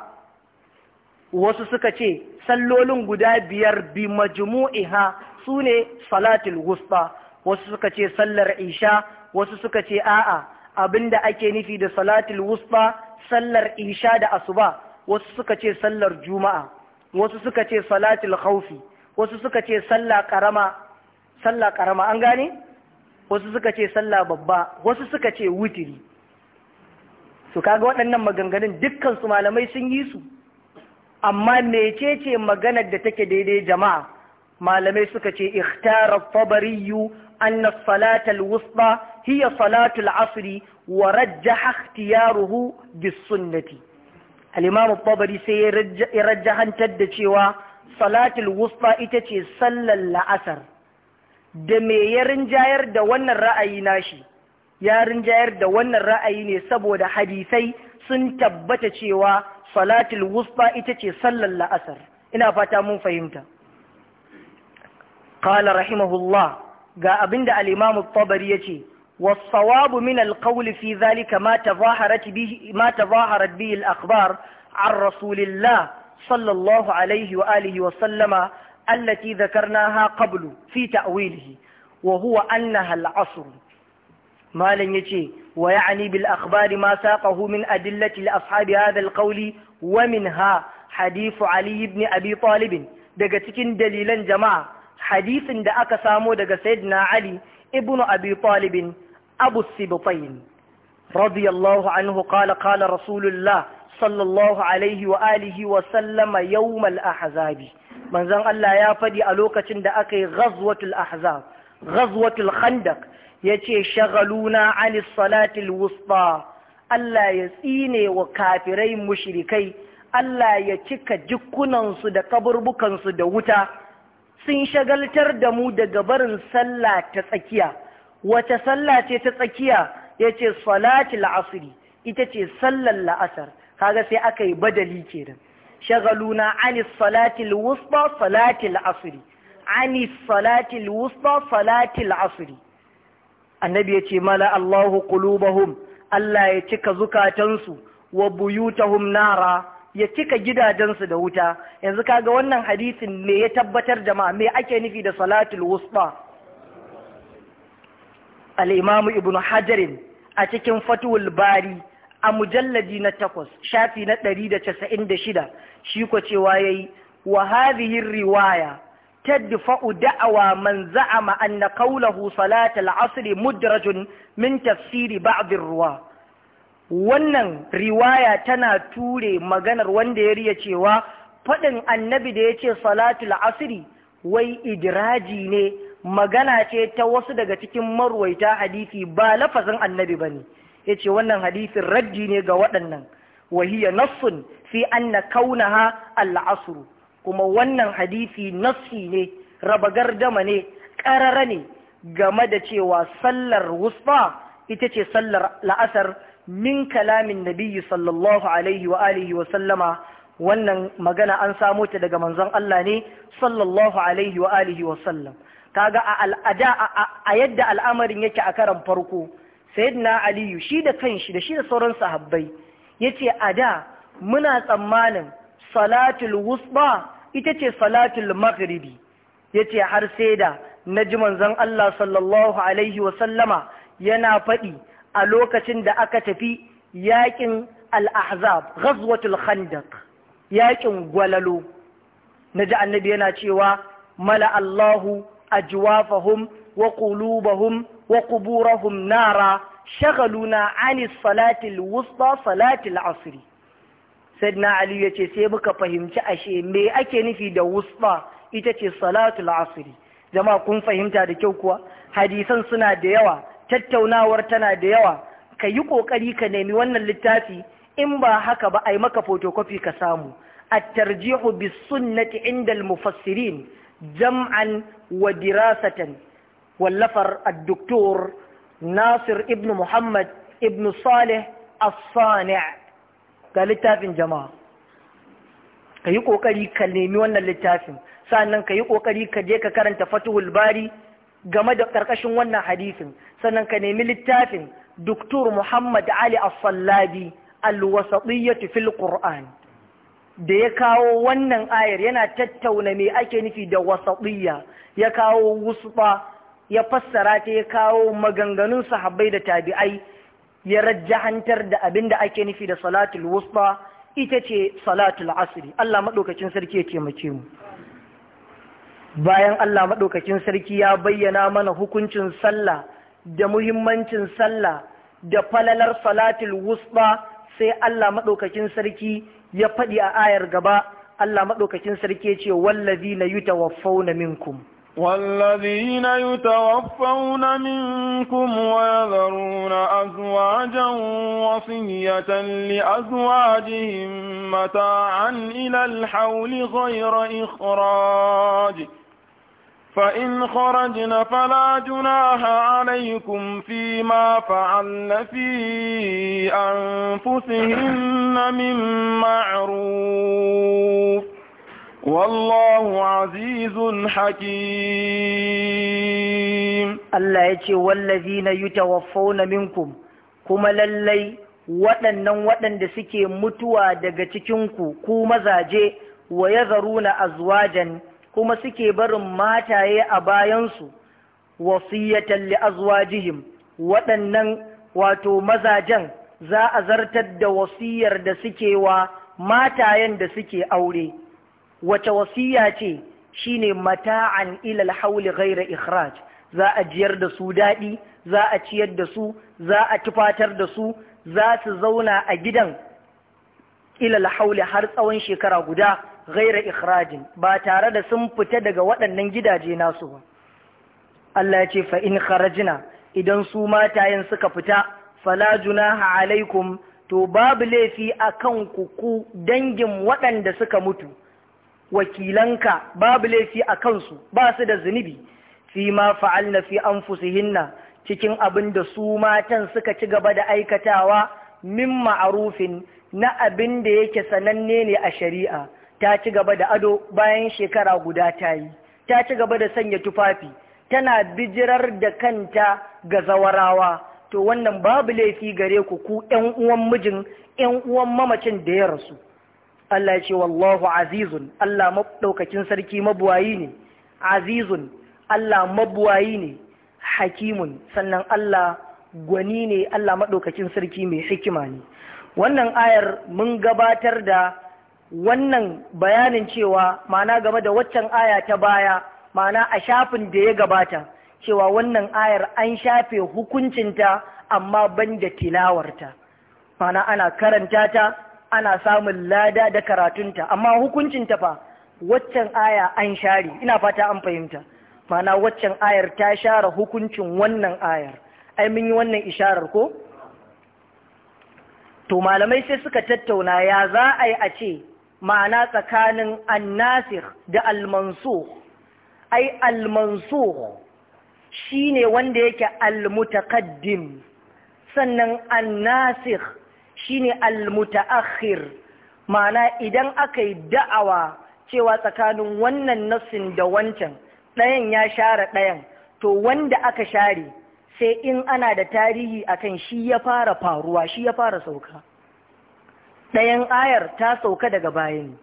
wasu suka ce sallolin guda biyar bi majmu'iha sune salatul wusta wasu suka ce sallar isha wasu suka ce a'a abinda ake nufi da salatul wusta sallar isha da asuba wasu suka ce sallar juma'a wasu suka ce salatul khawfi wasu suka ce sallah karama sallah karama an gane wasu suka ce sallah babba wasu suka ce wutiri su kaga waɗannan maganganun dukkan su malamai sun yi su amma mecece maganar da take daidai jama'a malamai suka ce ikhtara tabariyu anna salatal wusta hiya salatul asri wa rajjaha ikhtiyaruhu bis sunnati al-imam fabari sai ya rajjahantar da cewa salatul wusta ita ce sallar la'asar da me ya rinjayar da wannan ra'ayi nashi ya rinjayar da wannan ra'ayi ne saboda hadisai sun tabbata cewa salatul wusta ita ce sallar la'asar ina fata mun fahimta qala rahimahullah ga abinda al-imam at-tabari yace والصواب من القول في ذلك ما تظاهرت به ما تظاهرت به الأخبار عن رسول الله صلى الله عليه وآله وسلم التي ذكرناها قبل في تأويله وهو أنها العصر ما لن يجي ويعني بالأخبار ما ساقه من أدلة لأصحاب هذا القول ومنها حديث علي بن أبي طالب دقتكين دليلا جماعة حديث دأك سامو دق سيدنا علي ابن أبي طالب أبو السبطين رضي الله عنه قال قال رسول الله صلى الله عليه وآله وسلم يوم الأحزاب manzon Allah ya faɗi a lokacin da aka yi ghazwatul ahzab ghazwatul khandaq yace shagaluna anis salatil wusta Allah ya tsine wa kafirai mushrikai Allah ya cika jikunansu da kaburbukansu da wuta sun shagaltar da mu daga barin sallah ta tsakiya wace sallah ce ta tsakiya yace salatul asri ita ce sallar la'asar kaga sai aka yi badali kenan shagaluna ani salatil wusta salatil asri Anis salatil wusta salatil asiri. annabi yace mala Allahu qulubahum Allah ya cika zukatansu wa buyutahum nara ya cika gidajensu da wuta yanzu kaga wannan hadisin me ya tabbatar ma me ake nufi da salatul wusta al-imam ibn hajar a cikin fatul bari a mujalladi na takwas shafi na ɗari da casa'in da shida shi ko cewa yayi wa hadhihi riwaya تدفع da'awa man زعم أن قوله صلاة mudrajun min من تفسير بعض ruwa. wannan riwaya tana ture maganar wanda ya riya cewa fadin annabi da yace ce salatul asiri wai idiraji ne magana ce ta wasu daga cikin marwaita hadisi ba lafazin annabi bane yace wannan hadisin raddi ne ga waɗannan wahiya nassun fi anna kaunaha al'asr kuma wannan hadisi nassi ne raba gardama ne karara ne game da cewa sallar wusta ita ce sallar la'asar min kalamin nabiyyi sallallahu alaihi wa alihi wa sallama wannan magana an samo ta daga manzon Allah ne sallallahu alaihi wa alihi wa sallam kaga a al'ada a yadda al'amarin yake a karan farko sayyidina aliyu shi da kanshi da shi da sauran sahabbai yace a da muna tsammanin salatul wusba ita ce salatul maghribi yace har sai da naji manzon Allah sallallahu alaihi wa sallama yana faɗi a lokacin da aka tafi yakin al-ahzab ghazwatul khandaq yakin gwalalo na ji annabi yana cewa mala Allahu ajwafahum wa qulubahum wa quburahum nara shagaluna 'ani salatil wusta salatil asiri. na ali ya ce sai muka fahimci ashe me ake nufi da wusba ita ce salatul asiri jama'a kun fahimta da kyau kuwa hadisan suna da yawa tattaunawar tana da yawa ka yi kokari ka nemi wannan littafi in ba haka ba ai maka photocopy ka samu at-tarjihu bi sunnati inda al-mufassirin jam'an wa dirasatan wallafar ad-doktor Nasir ibn Muhammad ibn Saleh as-Sani' ga littafin jama'a ka yi ƙoƙari ka nemi wannan littafin sannan ka yi ƙoƙari ka je ka karanta fatuhul bari game da ƙarƙashin wannan hadisin sannan ka nemi littafin Duktur Muhammad Ali as alwasaɗiyyatu fil Qur'an da ya kawo wannan ayar yana tattauna me ake nufi da wasaɗiyya ya kawo wusba ya fassara ta ya kawo maganganun sahabbai da tabi'ai ya rajjahantar da abin da ake nufi da salatul wusta ita ce salatul asiri. Allah maɗaukacin sarki ya taimake mu bayan Allah maɗaukacin sarki ya bayyana mana hukuncin sallah da muhimmancin sallah da falalar salatul wusta sai Allah maɗaukacin sarki ya faɗi a ayar gaba Allah maɗaukacin sarki ya ce wallazi na yutawaffawna minkum والذين يتوفون منكم ويذرون أزواجا وصية لأزواجهم متاعا إلى الحول غير إخراج فإن خرجن فلا جناح عليكم فيما فعلن في أنفسهن من معروف والله عزيز حكيم الله na والذين يتوفون منكم كما للي waɗannan waɗanda suke mutuwa daga cikinku ku mazaje wa ya zaruna azwajan kuma suke barin mataye a bayansu wasiyatan li azwajihim waɗannan wato mazajen za a zartar da wasiyar da suke wa matayen da suke aure wata wasiya ce shine mata'an ilal hauli ghaira ikhraj za a jiyar da su daɗi za a ciyar da su za a tufatar da su za su zauna a gidan ilal hauli har tsawon shekara guda ghaira ikhrajin ba tare da sun fita daga waɗannan gidaje nasu ba Allah ya ce fa in kharajna idan su matayen suka fita fala junaha alaikum to babu laifi akan ku ku dangin waɗanda suka mutu wakilanka babu laifi a kansu ba su da zunubi fi ma na fi an hinna cikin abin da su matan suka ci gaba da aikatawa min ma'arufin na abin da yake sananne ne a shari'a ta ci gaba da ado bayan shekara guda ta yi ta ci gaba da sanya tufafi tana bijirar da kanta ga zawarawa to wannan babu laifi gare ku ku ƴan uwan mijin yan uwan mamacin da ya rasu Allah ya ce wallahu azizun Allah maɗaukakin sarki mabuwayi ne azizun Allah mabuwayi ne hakimun sannan Allah gwani ne Allah maɗaukakin sarki mai hikima ne wannan ayar mun gabatar da wannan bayanin cewa mana game da waccan aya ta baya mana a shafin da ya gabata cewa wannan ayar an shafe hukuncinta amma ban da tilawarta mana ana karanta ta ana samun lada da karatunta amma hukuncinta fa waccan aya an share ina fata an fahimta mana waccan ayar ta share hukuncin wannan ayar ai mun yi wannan isharar ko to malamai sai suka tattauna ya za a yi a ce ma'ana tsakanin annasir da almanso ai shi ne wanda yake almutakaddim sannan annasir shine al-mutaakhir ma'ana idan aka yi da'awa cewa tsakanin wannan nassin da wancan ɗayan ya share ɗayan to wanda aka share sai in ana da tarihi akan shi ya fara faruwa shi ya fara sauka ɗayan ayar ta sauka daga bayan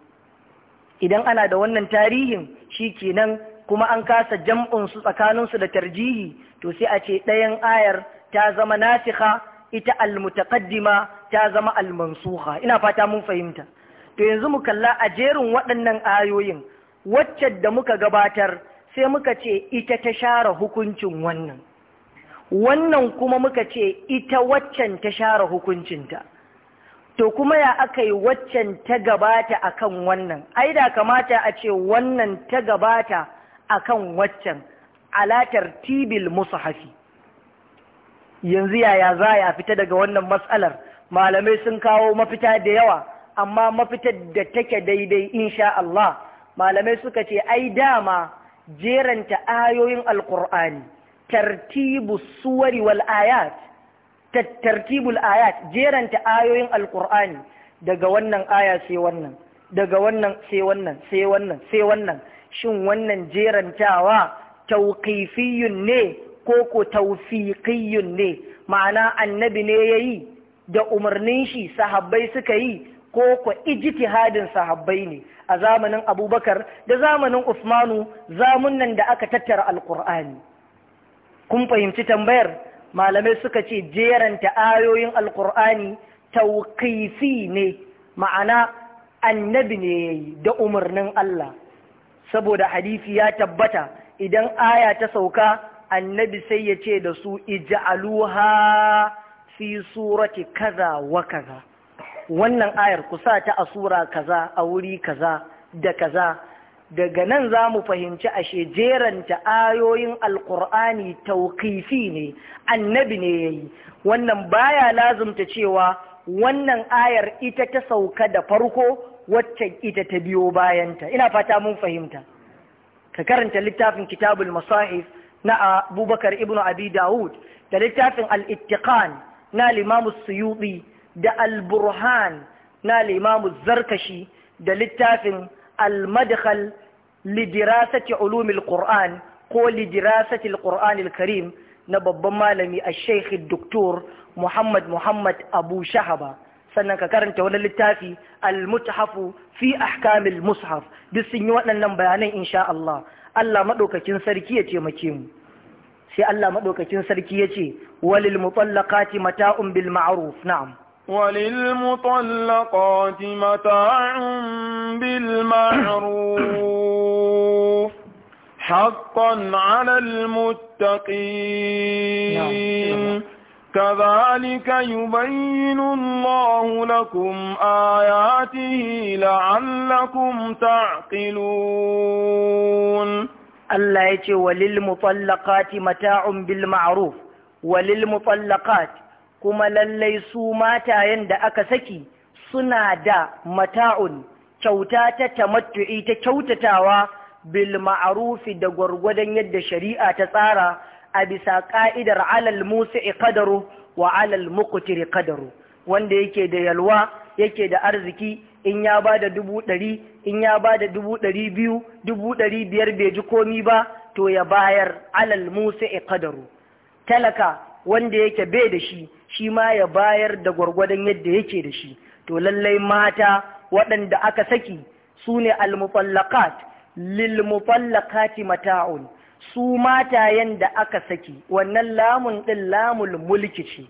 idan ana da wannan tarihin shi kenan kuma an kasa jam'unsu tsakaninsu da tarjihi to sai a ce ɗayan ayar ta zama nasiha ita al-mutaqaddima ta zama almansuha ina fata mun fahimta to yanzu mu kalla a jerin waɗannan ayoyin wacce da muka gabatar sai muka ce ita ta share hukuncin wannan wannan kuma muka ce ita waccan ta share hukuncinta to kuma ya aka yi waccan ta gabata akan wannan ai da kamata a ce wannan ta gabata akan waccan alatar tibil musahafi yanzu yaya za ya fita daga wannan matsalar malamai sun kawo mafita da yawa amma mafitar da take daidai insha Allah malamai suka ce ai dama jeranta ayoyin alkur'ani tartibu suwari wal ayat tartibul ayat jeranta ayoyin alkur'ani daga wannan aya sai wannan daga wannan sai wannan sai wannan sai wannan shin wannan jerantawa tauqifiyun ne ko ko tawfiqiyun ne ma'ana annabi ne yayi da umarnin shi sahabbai suka yi ko ko ijtihadin sahabbai ne a zamanin abubakar da zamanin usmanu zamunan da aka tattara alkur'ani kun fahimci tambayar malamai suka ce jeranta ayoyin alkur'ani tauƙifi ne ma'ana annabi ne ya yi da umarnin Allah saboda hadisi ya tabbata idan aya ta sauka annabi sai ya ce da su aluha fi surati kaza wa kaza wannan ayar ku sa ta a sura kaza a wuri kaza da kaza daga nan za mu fahimci ashe jeranta ayoyin alkur'ani tauƙifi ne annabi ne ya yi wannan baya lazumta cewa wannan ayar ita ta sauka da farko wacce ita ta biyo bayanta ina fata mun fahimta ka karanta littafin kitabul masahif na abubakar ibnu abi dawud da littafin al-ittiqan na limamu suyubi da alburhan na limamu zarkashi da littafin al li lidirasati ulumil qur'an ko lidirasati al-qur'an karim na babban malami a sheikh doktor muhammad muhammad abu shahaba sannan ka karanta wani littafi al fi ahkamil mushaf duk sun yi waɗannan bayanan insha Allah Allah maɗaukakin sarki ya taimake mu sai Allah madaukakin sarki yace walil mutallaqati mata'un bil ma'ruf na'am walil mutallaqati mata'un bil ma'ruf haqqan 'alal muttaqin كذلك يبين الله لكم آياته لعلكم تعقلون Allah ya ce walil mutallaqati mata'un bil ma'ruf walil mutallaqat kuma lallai su matayen da aka saki suna da mata'un kyauta ta tamattu'i ta kyautatawa bil da gwargwadon yadda shari'a ta tsara a bisa ka'idar alal musi'i qadaru wa alal muqtiri qadaru wanda yake da yalwa yake da arziki in ya ba da dubu ɗari in ya ba da dubu ɗari biyu dubu ɗari biyar bai ji komi ba to ya bayar alal musa e kadaru talaka wanda yake bai da shi shi ma ya bayar da gwargwadon yadda yake da shi to lallai mata waɗanda aka saki su ne almufallakat lilmufallakati mata'un su mata da aka saki wannan lamun ɗin lamul mulki ce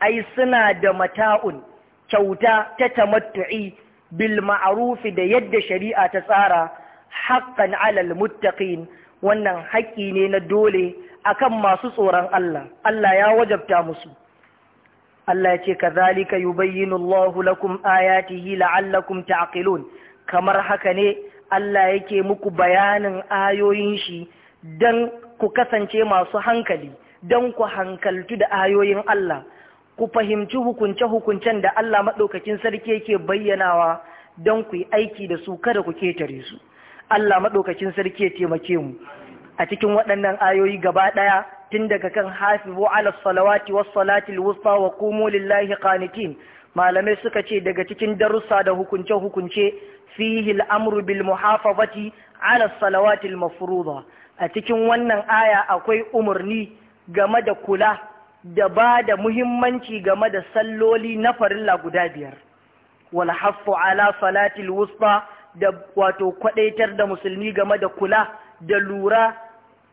ai suna da mata'un kyauta ta tamattu'i bil da yadda shari'a ta tsara haƙƙan alal muttaqin wannan haƙƙi ne na dole akan masu tsoron Allah Allah ya wajabta musu Allah ya ce kazalika yubayyinu Allahu lakum ayatihi la'allakum ta'qilun kamar haka ne Allah yake muku bayanin ayoyin shi dan ku kasance masu hankali dan ku hankaltu da ayoyin Allah ku fahimci hukunce-hukuncen da Allah maɗaukakin sarki yake bayyanawa don ku yi aiki da su kada ku ketare su Allah maɗaukakin sarki ya taimake mu a cikin waɗannan ayoyi gaba ɗaya tun daga kan bu ala salawati wa salati wa qumu lillahi qanitin malamai suka ce daga cikin darussa da hukunce-hukunce fihil amru bil muhafazati ala salawati al a cikin wannan aya akwai umarni game da kula da ba da muhimmanci game da salloli na farilla guda biyar wal haffu ala salatil wusta da wato kwadaitar da musulmi game da kula da lura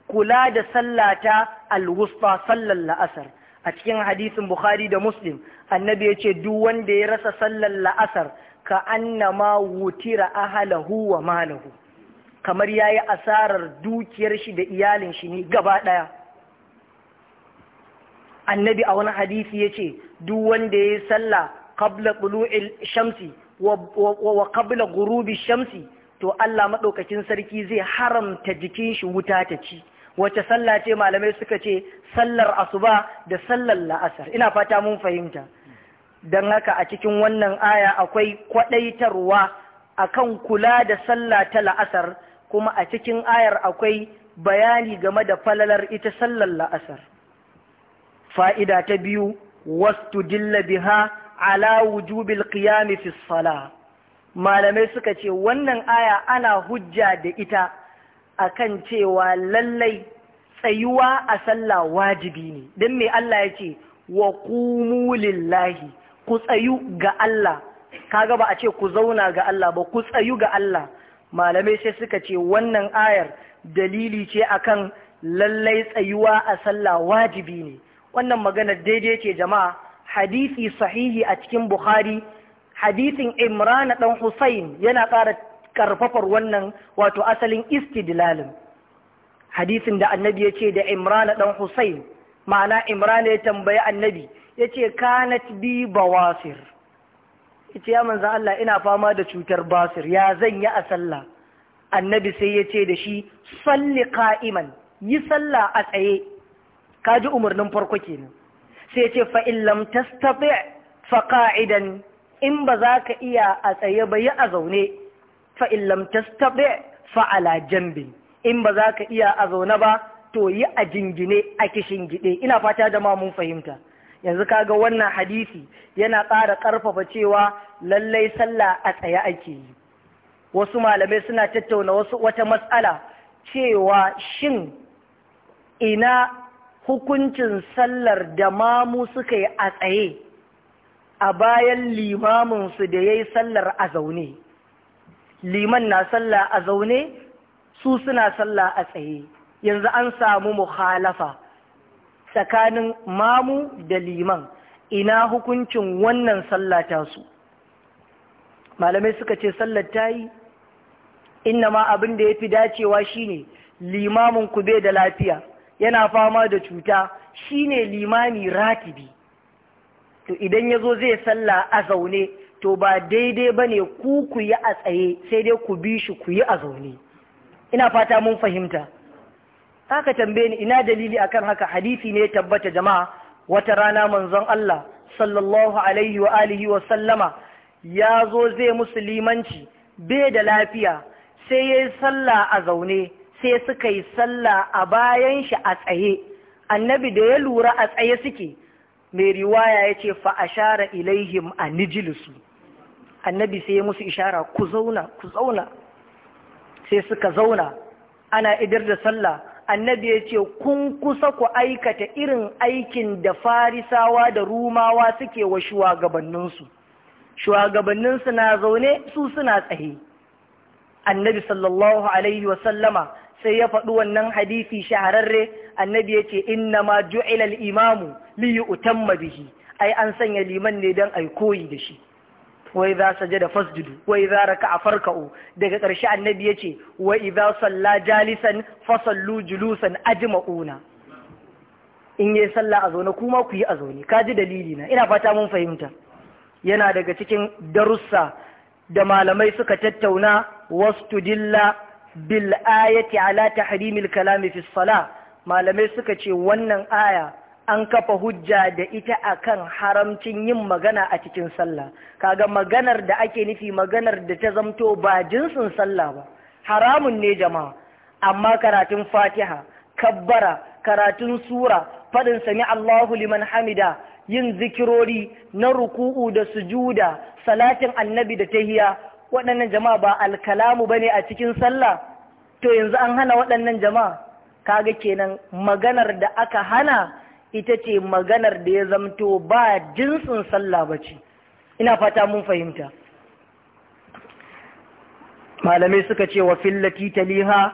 kula da sallata al wusta sallar la'asar a cikin hadisin bukhari da muslim annabi ya ce duk wanda ya rasa sallar la'asar ka annama wutira ahalahu wa malahu kamar yayi asarar dukiyar shi da iyalin shi ne gaba ɗaya. annabi a wani hadisi ya ce duk wanda ya yi sallah qabla bulu'il shamsi wa qabla gurubi shamsi to Allah maɗaukakin sarki zai haramta jikin shi wuta ta ci wace sallah ce malamai suka ce sallar asuba da sallar la'asar ina fata mun fahimta don haka a cikin wannan aya akwai kwaɗaitarwa akan kula da sallah ta la'asar kuma a cikin ayar akwai bayani game da falalar ita sallar la'asar fa'ida ta biyu wasu dilla biha ala wujubil qiyami fi sala. malamai suka ce wannan aya ana hujja da ita akan cewa lallai tsayuwa a sallah wajibi ne don me Allah ya ce wa qumu lillahi ku tsayu ga Allah kaga ba a ce ku zauna ga Allah ba ku tsayu ga Allah malamai sai suka ce wannan ayar dalili ce akan lallai tsayuwa a sallah wajibi ne wannan maganar daidai ce jama'a hadisi sahihi a cikin bukhari hadisin imran dan Husain yana ƙara karfafar wannan wato asalin istidlalin hadisin da annabi ya ce da imran dan Husain ma'ana imran ya tambayi annabi ya ce kanat bi bawasir ita ya Allah ina fama da cutar basir ya zan yi a sallah annabi sai ya ce da shi salli ka'iman yi sallah a tsaye ka ji umarnin farko kenan sai ce fa in tastati fa qa'idan in ba za ka iya a tsaye ba yi a zaune fa in tastati fa ala jambi in ba za ka iya a zaune ba to yi a jingine a kishin gide ina fata ma mun fahimta yanzu kaga wannan hadisi yana ƙara ƙarfafa cewa lallai sallah a tsaye ake yi wasu malamai suna tattauna wata matsala cewa shin ina hukuncin sallar da mamu suka yi a tsaye a bayan limaminsu da ya yi sallar a zaune liman na sallah a zaune su suna sallah a tsaye yanzu an samu muhalafa tsakanin mamu da liman ina hukuncin wannan sallah ta su malamai suka ce sallar ta yi inna ma abin da ya fi dacewa shine limamin ku bai da lafiya yana fama da cuta shine limami ratibi to idan ya zo zai sallah a zaune to ba daidai bane ku ku yi a tsaye sai dai ku bi shi ku yi a zaune ina fata mun fahimta haka tambaye ni ina dalili akan haka hadisi ne tabbata jama'a wata rana manzon Allah sallallahu alaihi wa alihi wa sallama ya zo zai musulmanci bai da lafiya sai yayi yi sallah a zaune sai suka yi sallah a bayan shi a tsaye annabi da ya lura a tsaye suke mai riwaya ya ce fa ashara ilaihim a nijilisu annabi sai ya musu ishara ku zauna ku zauna sai suka zauna ana idar da sallah annabi ya ce kun kusa ku aikata irin aikin da farisawa da rumawa suke wa shugabanninsu shugabanninsu na zaune su suna tsaye annabi sallallahu alaihi wasallama sai ya faɗi wannan hadisi shahararre annabi ya ce inna ma ju'ilal imamu li yu'tamma bihi ai an sanya liman ne dan ai koyi da shi wa idza sajada fasjudu wa idza raka'a farka'u daga ƙarshe annabi ya ce wa idza salla jalisan fasallu julusan ajma'una in yi sallah a zaune kuma ku yi a zaune ka ji dalili na ina fata mun fahimta yana daga cikin darussa da malamai suka tattauna wasu tudilla bil ayati ala tahrimil kalami fi salah malamai suka ce wannan aya an kafa hujja da ita akan haramcin yin magana a cikin sallah kaga maganar da ake nufi maganar da ta zamto ba jinsin sallah ba haramun ne jama'a amma karatun fatiha kabbara karatun sura faɗin sami Allahu liman hamida yin zikirori na ruku'u da sujuda salatin annabi da tahiya waɗannan jama'a ba alkalamu bane a cikin sallah to yanzu an hana waɗannan jama'a kaga kenan maganar da aka hana ita ce maganar da ya zamto ba jinsin sallah bace ina fata mun fahimta malamai suka ce wa fillati taliha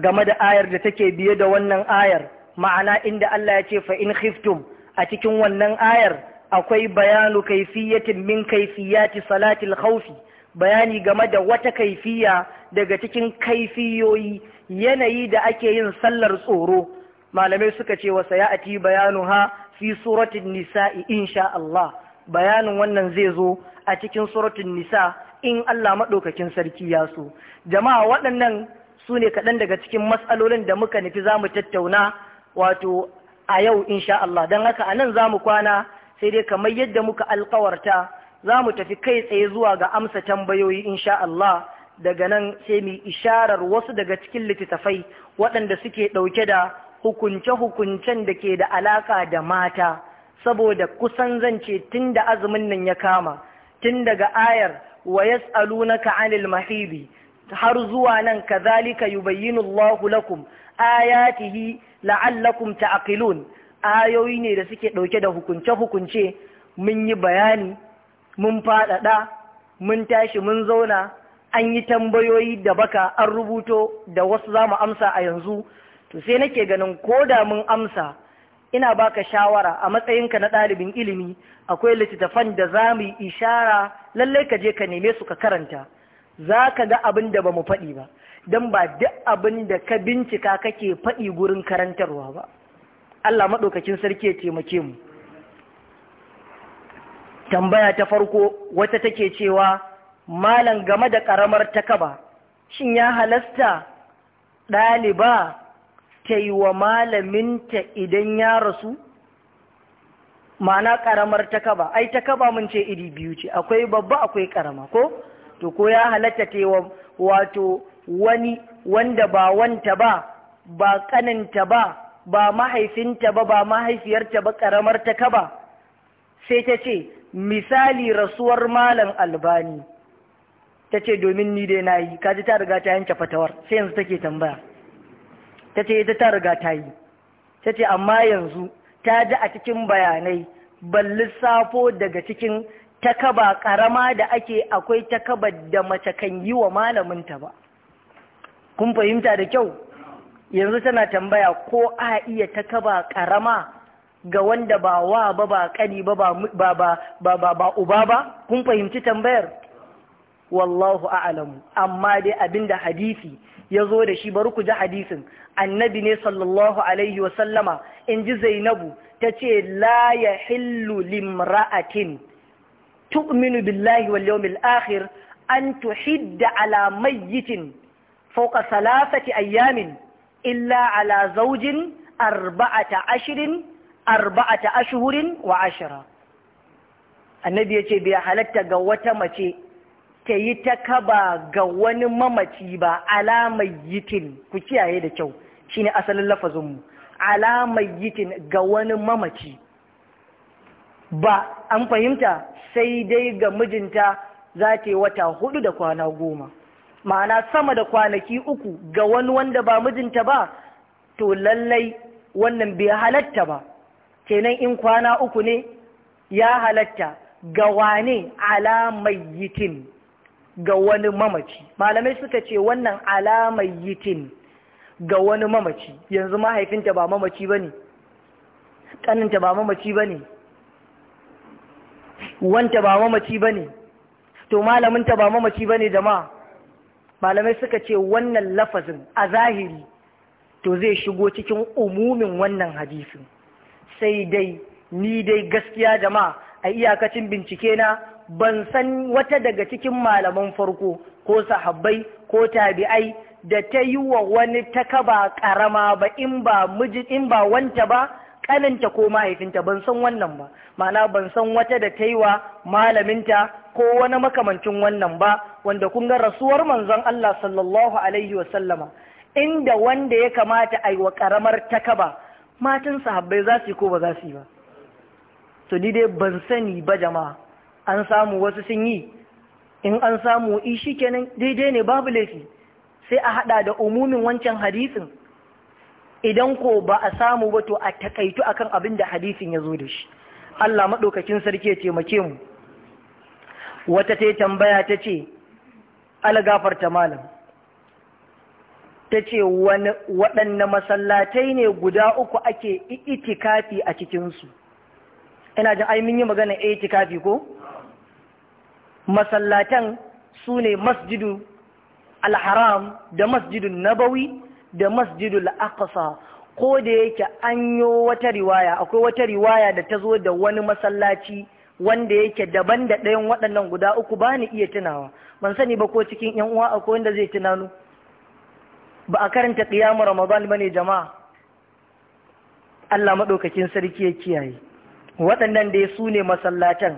game da ayar da take biye da wannan ayar ma'ana inda Allah ya ce fa in khiftum a cikin wannan ayar akwai bayanu kaifiyatin min kaifiyati salatil khawfi bayani game da wata kaifiya daga cikin kaifiyoyi yanayi da ake yin sallar tsoro malamai suka ce wasa ya ati ha fi suratun nisa'i insha Allah bayanin wannan zai zo a cikin suratun nisa in Allah maɗaukakin sarki ya so jama'a waɗannan su ne kaɗan daga cikin matsalolin da muka nufi za mu tattauna wato a yau insha Allah don haka a nan za mu kwana sai dai kamar yadda muka alkawarta za mu tafi kai tsaye zuwa ga amsa tambayoyi insha Allah daga nan sai mu isharar wasu daga cikin littattafai waɗanda suke ɗauke da hukunce-hukuncen da ke da alaƙa da mata saboda kusan zance tun da azumin nan ya kama tun daga ayar wa na 'anil mahidi har zuwa nan kazalika yubayyinu Allahu lakum ayatihi la'allakum ta'qilun ayoyi ne da suke ɗauke da hukunce-hukunce mun yi bayani mun faɗaɗa mun tashi mun zauna an yi tambayoyi da baka an rubuto da wasu za mu amsa a yanzu to sai nake ganin ko da mun amsa ina baka shawara a matsayinka na ɗalibin ilimi akwai littattafan da za mu yi ishara lallai ka je ka neme su ka karanta za ka ga abin da ba mu faɗi ba don ba duk abin da ka bincika kake faɗi gurin karantarwa ba Allah maɗaukakin sarki ya taimake mu tambaya ta farko wata take cewa malam game da ƙaramar takaba shin ya halasta ɗaliba ta yi wa malaminta idan ya rasu ma'ana ƙaramar takaba ai takaba mun ce iri biyu ce akwai babba akwai karama ko to ko ya halatta ta yi wa wato wani wanda ba wanta ba ba ƙaninta ba ba mahaifinta ba ba mahaifiyarta ba ƙaramar takaba sai ta ce misali rasuwar malam albani ta ce domin ni dai na yi kaji ta riga ta yanke fatawar sai yanzu take tambaya ta ce ita ta riga ta yi ta ce amma yanzu ta ji a cikin bayanai ban lissafo daga cikin takaba karama da ake akwai takabar da mace kan yi wa malaminta ba kun fahimta da kyau yanzu tana tambaya ko a iya takaba karama ga wanda ba wa ba ba kani ba ba ba ba ba uba ba kun fahimci tambayar wallahu a'lamu amma dai abinda hadisi ya zo da shi bari ku ji hadisin annabi ne sallallahu alaihi wa sallama inji zainabu ta ce la ya limra'atin tu'minu billahi wal yawmil akhir an tuhidda ala mayyitin fawqa salasati ayamin illa ala zawjin arba'ata ashrin arba'ata ashhurin wa ashira annabi ce bai halatta ga wata mace ta yi ta kaba ga wani mamaci ba alamai yitin ku kiyaye da kyau shine asalin lafazin mu alamai yitin ga wani mamaci ba an fahimta sai dai ga mijinta za ta yi wata hudu da kwana goma ma'ana sama da kwanaki uku ga wani wanda ba mijinta ba to lallai wannan bai halatta ba kenan in kwana uku ne ya halatta ga wane alamayyitin ga wani mamaci malamai suka ce wannan alamayyitin ga wani mamaci yanzu mahaifinta ba mamaci ba ne ƙaninta ba mamaci ba ne wanta ba mamaci ba ne to malaminta ba mamaci ba ne da ma? malamai suka ce wannan lafazin a zahiri to zai shigo cikin umumin wannan hadisin sai dai ni dai gaskiya jama'a a iyakacin bincike na ban san wata daga cikin malaman farko ko sahabbai ko tabi'ai da ta yi wa wani takaba karama ba in ba miji in ba wanta ba kananta ko mahaifinta ban san wannan ba ma'ana ban san wata da ta yi wa malaminta ko wani makamancin wannan ba wanda kun ga rasuwar manzon Allah sallallahu alaihi wa sallama inda wanda ya kamata a yi wa karamar takaba matan sahabbai za su yi ko ba za su yi ba to ni dai ban sani ba jama'a an samu wasu sun yi in an samu ishi kenan daidai ne babu laifi sai a hada da umumin wancan hadisin idan ko ba a samu ba to a takaitu akan abin da hadisin ya zo da shi Allah maɗaukakin sarki ya taimake mu wata ta tambaya ta ce algafarta malam ta ce waɗanne masallatai ne guda uku ake itikafi a cikinsu ina jin ai mun yi magana itikafi ko masallatan su ne masjidu alharam da masjidun nabawi da masjidul aqsa ko da yake an yi wata riwaya akwai wata riwaya da ta zo da wani masallaci wanda yake daban da ɗayan waɗannan guda uku ba ni iya tunawa ban sani ba ko cikin yan uwa akwai wanda zai tunanu. ba a karanta ƙiyamu ramadan ba ne jama'a Allah maɗaukakin sarki ya kiyaye waɗannan dai su ne masallatan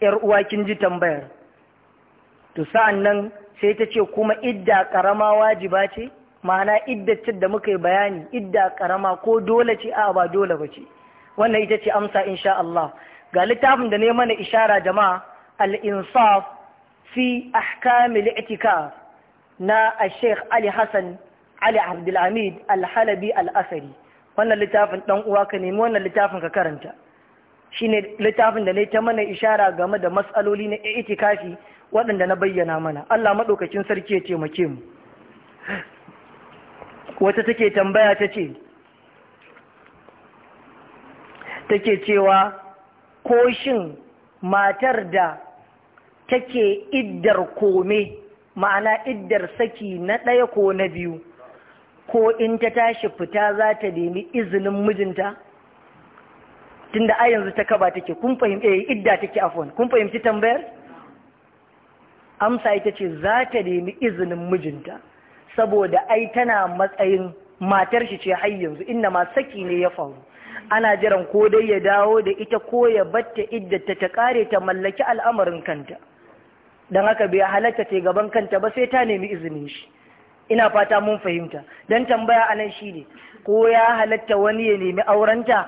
‘yar uwa kin ji tambayar to sa'an nan sai ta ce kuma idda ƙarama wajiba ce ma'ana iddacin da muka yi bayani idda ƙarama ko dole ce a ba dole ba ce wannan ita ce amsa insha Allah ga littafin da ne mana ishara jama'a al-insaf fi ahkamil i'tikaf na a sheikh Ali Hassan Ali Abdulhamid Al-Halabi Al-Asari wannan littafin dan uwa ka nemi wannan littafin ka karanta shine littafin da ne ta mana ishara game da matsaloli na itikafi waɗanda na bayyana mana Allah madaukakin sarki ya taimake mu wata take tambaya ta ce take cewa ko shin matar da take iddar kome ma'ana iddar saki na ɗaya ko na biyu ko in ta tashi fita za ta nemi izinin mijinta tunda a yanzu ta kaba take kun fahimci eh idda take afwan kun fahimci tambayar amsa ita ce za ta nemi izinin mijinta saboda ai tana matsayin matar shi ce har yanzu inda ma saki ne ya faru ana jiran ko dai ya dawo da ita ko ya batta iddata ta kare ta mallaki al'amarin kanta don haka bai halatta ta gaban kanta ba sai ta nemi izinin shi ina fata mun fahimta don tambaya anan shi ne ko ya halatta wani ya nemi aurenta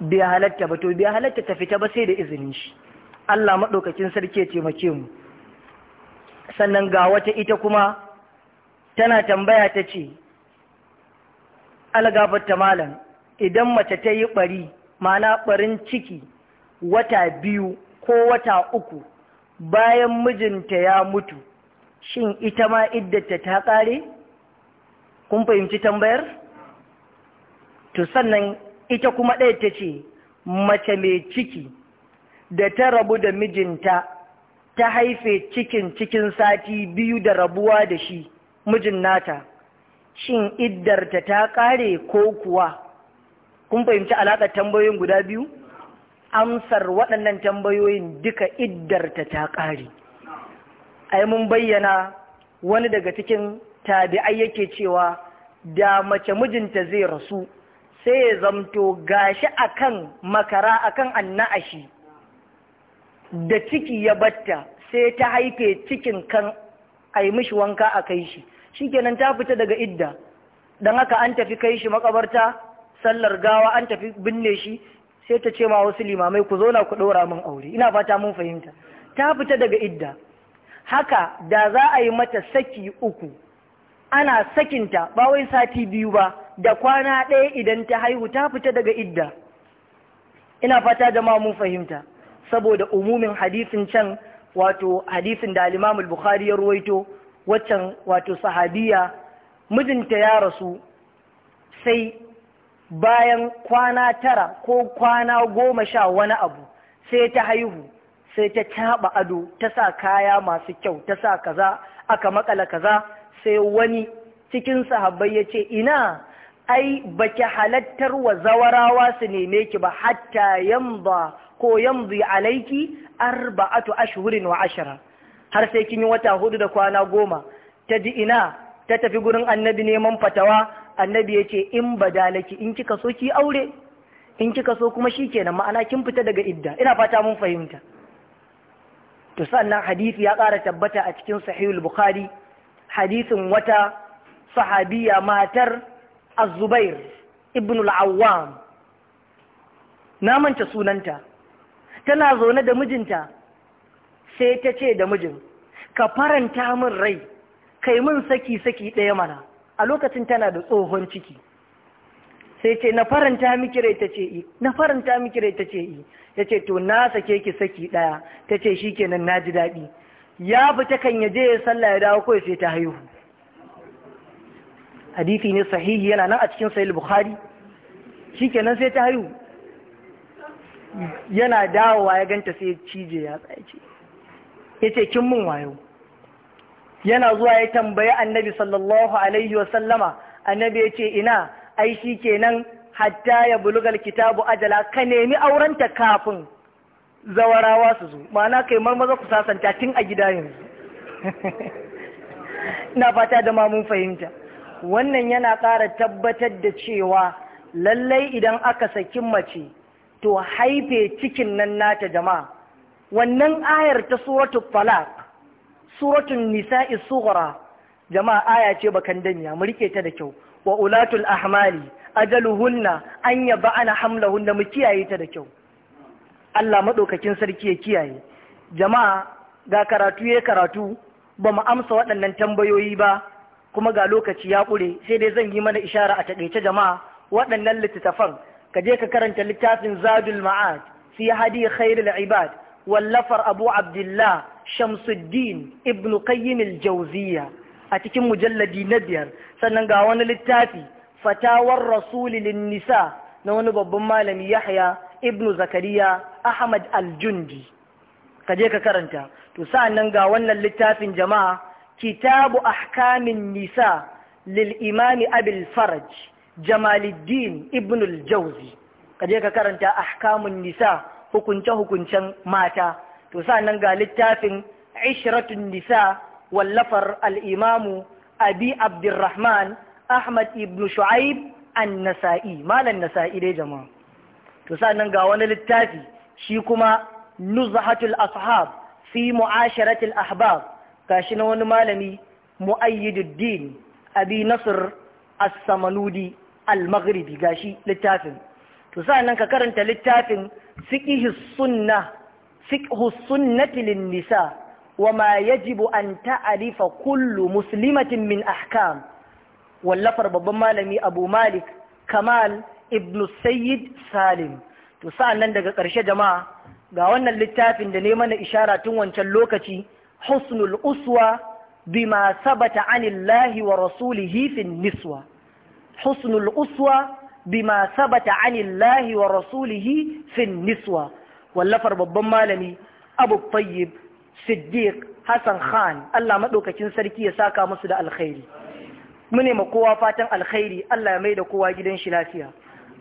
bai halatta ba to bai halatta ta fita ba sai da izinin shi Allah maɗaukacin sarki ya taimake mu sannan ga wata ita kuma tana tambaya ta ce algafarta malam idan mace ta yi ɓari ma'ana ɓarin ciki wata biyu ko wata uku bayan mijinta ya mutu shin ita ma iddata ta ƙare kun fahimci tambayar to sannan ita kuma ɗaya ta ce mace mai ciki da ta rabu da mijinta ta haife cikin cikin sati biyu da rabuwa da shi mijin nata shin iddarta ta ƙare ko kuwa kun fahimci alaƙar tambayoyin guda biyu amsar waɗannan tambayoyin duka iddarta ta ƙare ai mun bayyana wani daga cikin tabi'ai yake cewa da mace mijinta zai rasu sai ya zamto gashi akan makara akan annashi da ciki ya batta sai ta haife cikin kan ai mishi wanka a kai shi shi shikenan ta fita daga idda dan haka an tafi kai shi makabarta sallar gawa an tafi binne shi sai ta ce ma wasu limamai ku zo na ku ɗora min aure ina fata mun fahimta ta fita daga idda haka da za a yi mata saki uku ana sakinta ba wai sati biyu ba da kwana ɗaya idan ta haihu ta fita daga idda ina fata da ma mun fahimta saboda umumin hadisin can wato hadisin da Limamul bukhari ya ruwaito waccan wato sahabiya mijinta ya rasu sai bayan kwana tara ko kwana goma sha wani abu sai ta haihu sai ta caɓa ado ta sa kaya masu kyau ta sa kaza aka makala kaza sai wani cikin sahabbai ya ce ina ai ba ki halattar wa zawarawa su neme ki ba hatta yamba ko yamzi alaiki arba'atu ashhurin wa ashara har sai kin yi wata hudu da kwana goma ta ji ina ta tafi gurin annabi neman fatawa annabi ya ce in badalaki in kika so ki aure in kika so kuma shi kenan ma'ana kin fita daga idda ina fata mun fahimta to sannan hadisi ya ƙara tabbata a cikin sahihul bukhari hadisin wata sahabiya matar az-zubair ibn al-awwam na manta sunanta tana zaune da mijinta sai ta ce da mijin ka faranta min rai kai min saki saki ɗaya mana a lokacin tana da tsohon ciki sai ce na faranta miki rai ta ce i na faranta miki rai ta ce i ya ce to na sake ki saki ɗaya ta ce shi kenan na ji daɗi ya fita kan ya je ya sallah ya dawo kawai sai ta haihu hadithi ne sahihi yana nan a cikin sahih bukhari shi kenan sai ta haihu yana dawowa ya ganta sai cije ya tsaye ya ce kin mun wayo yana zuwa ya tambayi annabi sallallahu alaihi wa sallama annabi ya ce ina ai shi kenan hatta ya bulugal kitabu ajala ka nemi aurenta kafin zawarawa su zo ma'ana kai marmaza ku sasanta tun a gida yanzu na fata da ma mun fahimta wannan yana ƙara tabbatar da cewa lallai idan aka saki mace to haife cikin nan nata jama'a wannan ayar ta suratu falak suratun nisa'i sughra jama'a aya ce bakan danya mu rike ta da kyau wa ulatul ahmali ajaluhunna an yaba ana hamla hamlahunna mu kiyaye ta da kyau Allah maɗaukakin sarki ya kiyaye jama'a ga karatu ya karatu ba mu amsa waɗannan tambayoyi ba kuma ga lokaci ya ƙure sai dai zan yi mana ishara a taƙaice jama'a waɗannan littattafan ka je ka karanta littafin zadul ma'ad fi hadi khairul ibad wallafar abu abdullah shamsuddin ibnu qayyim al a cikin mujalladi na biyar sannan ga wani littafi fatawar rasuli nisa na wani babban malami yahya ibnu zakariya ahmad aljundi ka je ka karanta to sa'annan ga wannan littafin jama'a kitabu ahkamin nisa lil imami abil faraj jamaluddin ibnu aljawzi ka je ka karanta ahkamun nisa hukunce hukuncen mata to sa'annan ga littafin ishratun nisa wallafar al'imamu abi abdurrahman ahmad ibn shu'aib an nasa'i malan nasa'i dai jama'a to sannan ga wani littafi shi kuma nuzhatul ashab fi mu'asharatul ahbab gashi na wani malami mu'ayyiduddin abi nasr as-samanudi al-maghribi gashi littafin to sannan ka karanta littafin fiqhus sunna fiqhus sunnati lin-nisa Wa ma yajibu an ta'alifa kullu مسلمة min أحكام wallafar babban malami abu malik kamal ibn sayyid salim to sa'an nan daga ƙarshe jama'a ga wannan littafin da ne mana ishara tun wancan lokaci husnul uswa bima sabata anillahi wa rasulihi fin niswa husnul uswa bima sabata anillahi wa rasulihi fin niswa wallafar babban malami abu tayyib siddiq hassan khan allah maɗaukakin sarki ya saka musu da alkhairi mune ma kowa fatan alkhairi allah ya mai da kowa gidan shi lafiya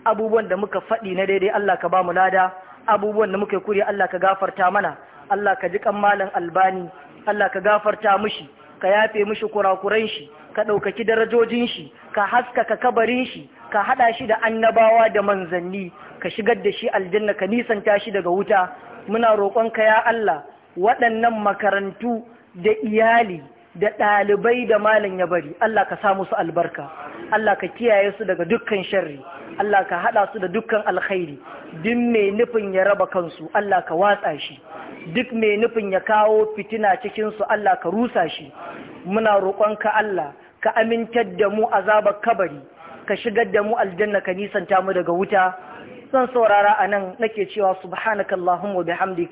abubuwan da muka faɗi na daidai allah ka ba mu lada abubuwan da muka kuri allah ka gafarta mana allah ka ji kan malam albani allah ka gafarta mushi. ka yafe mushi kurakuran shi ka ɗaukaki darajojin shi ka haskaka kabarin shi ka haɗa shi da annabawa da manzanni ka shigar da shi aljanna ka nisanta shi daga wuta muna roƙonka ya Allah waɗannan makarantu da iyali da ɗalibai da malam ya bari Allah ka sa musu albarka Allah ka kiyaye su daga dukkan sharri Allah ka haɗa su da dukkan alkhairi duk mai nufin ya raba kansu Allah ka watsa shi duk mai nufin ya kawo fitina cikin su Allah ka rusa shi muna ka Allah ka amintar da mu azabar kabari ka shigar da mu aljanna ka nisanta mu daga wuta San saurara anan nake cewa subhanakallahumma bihamdik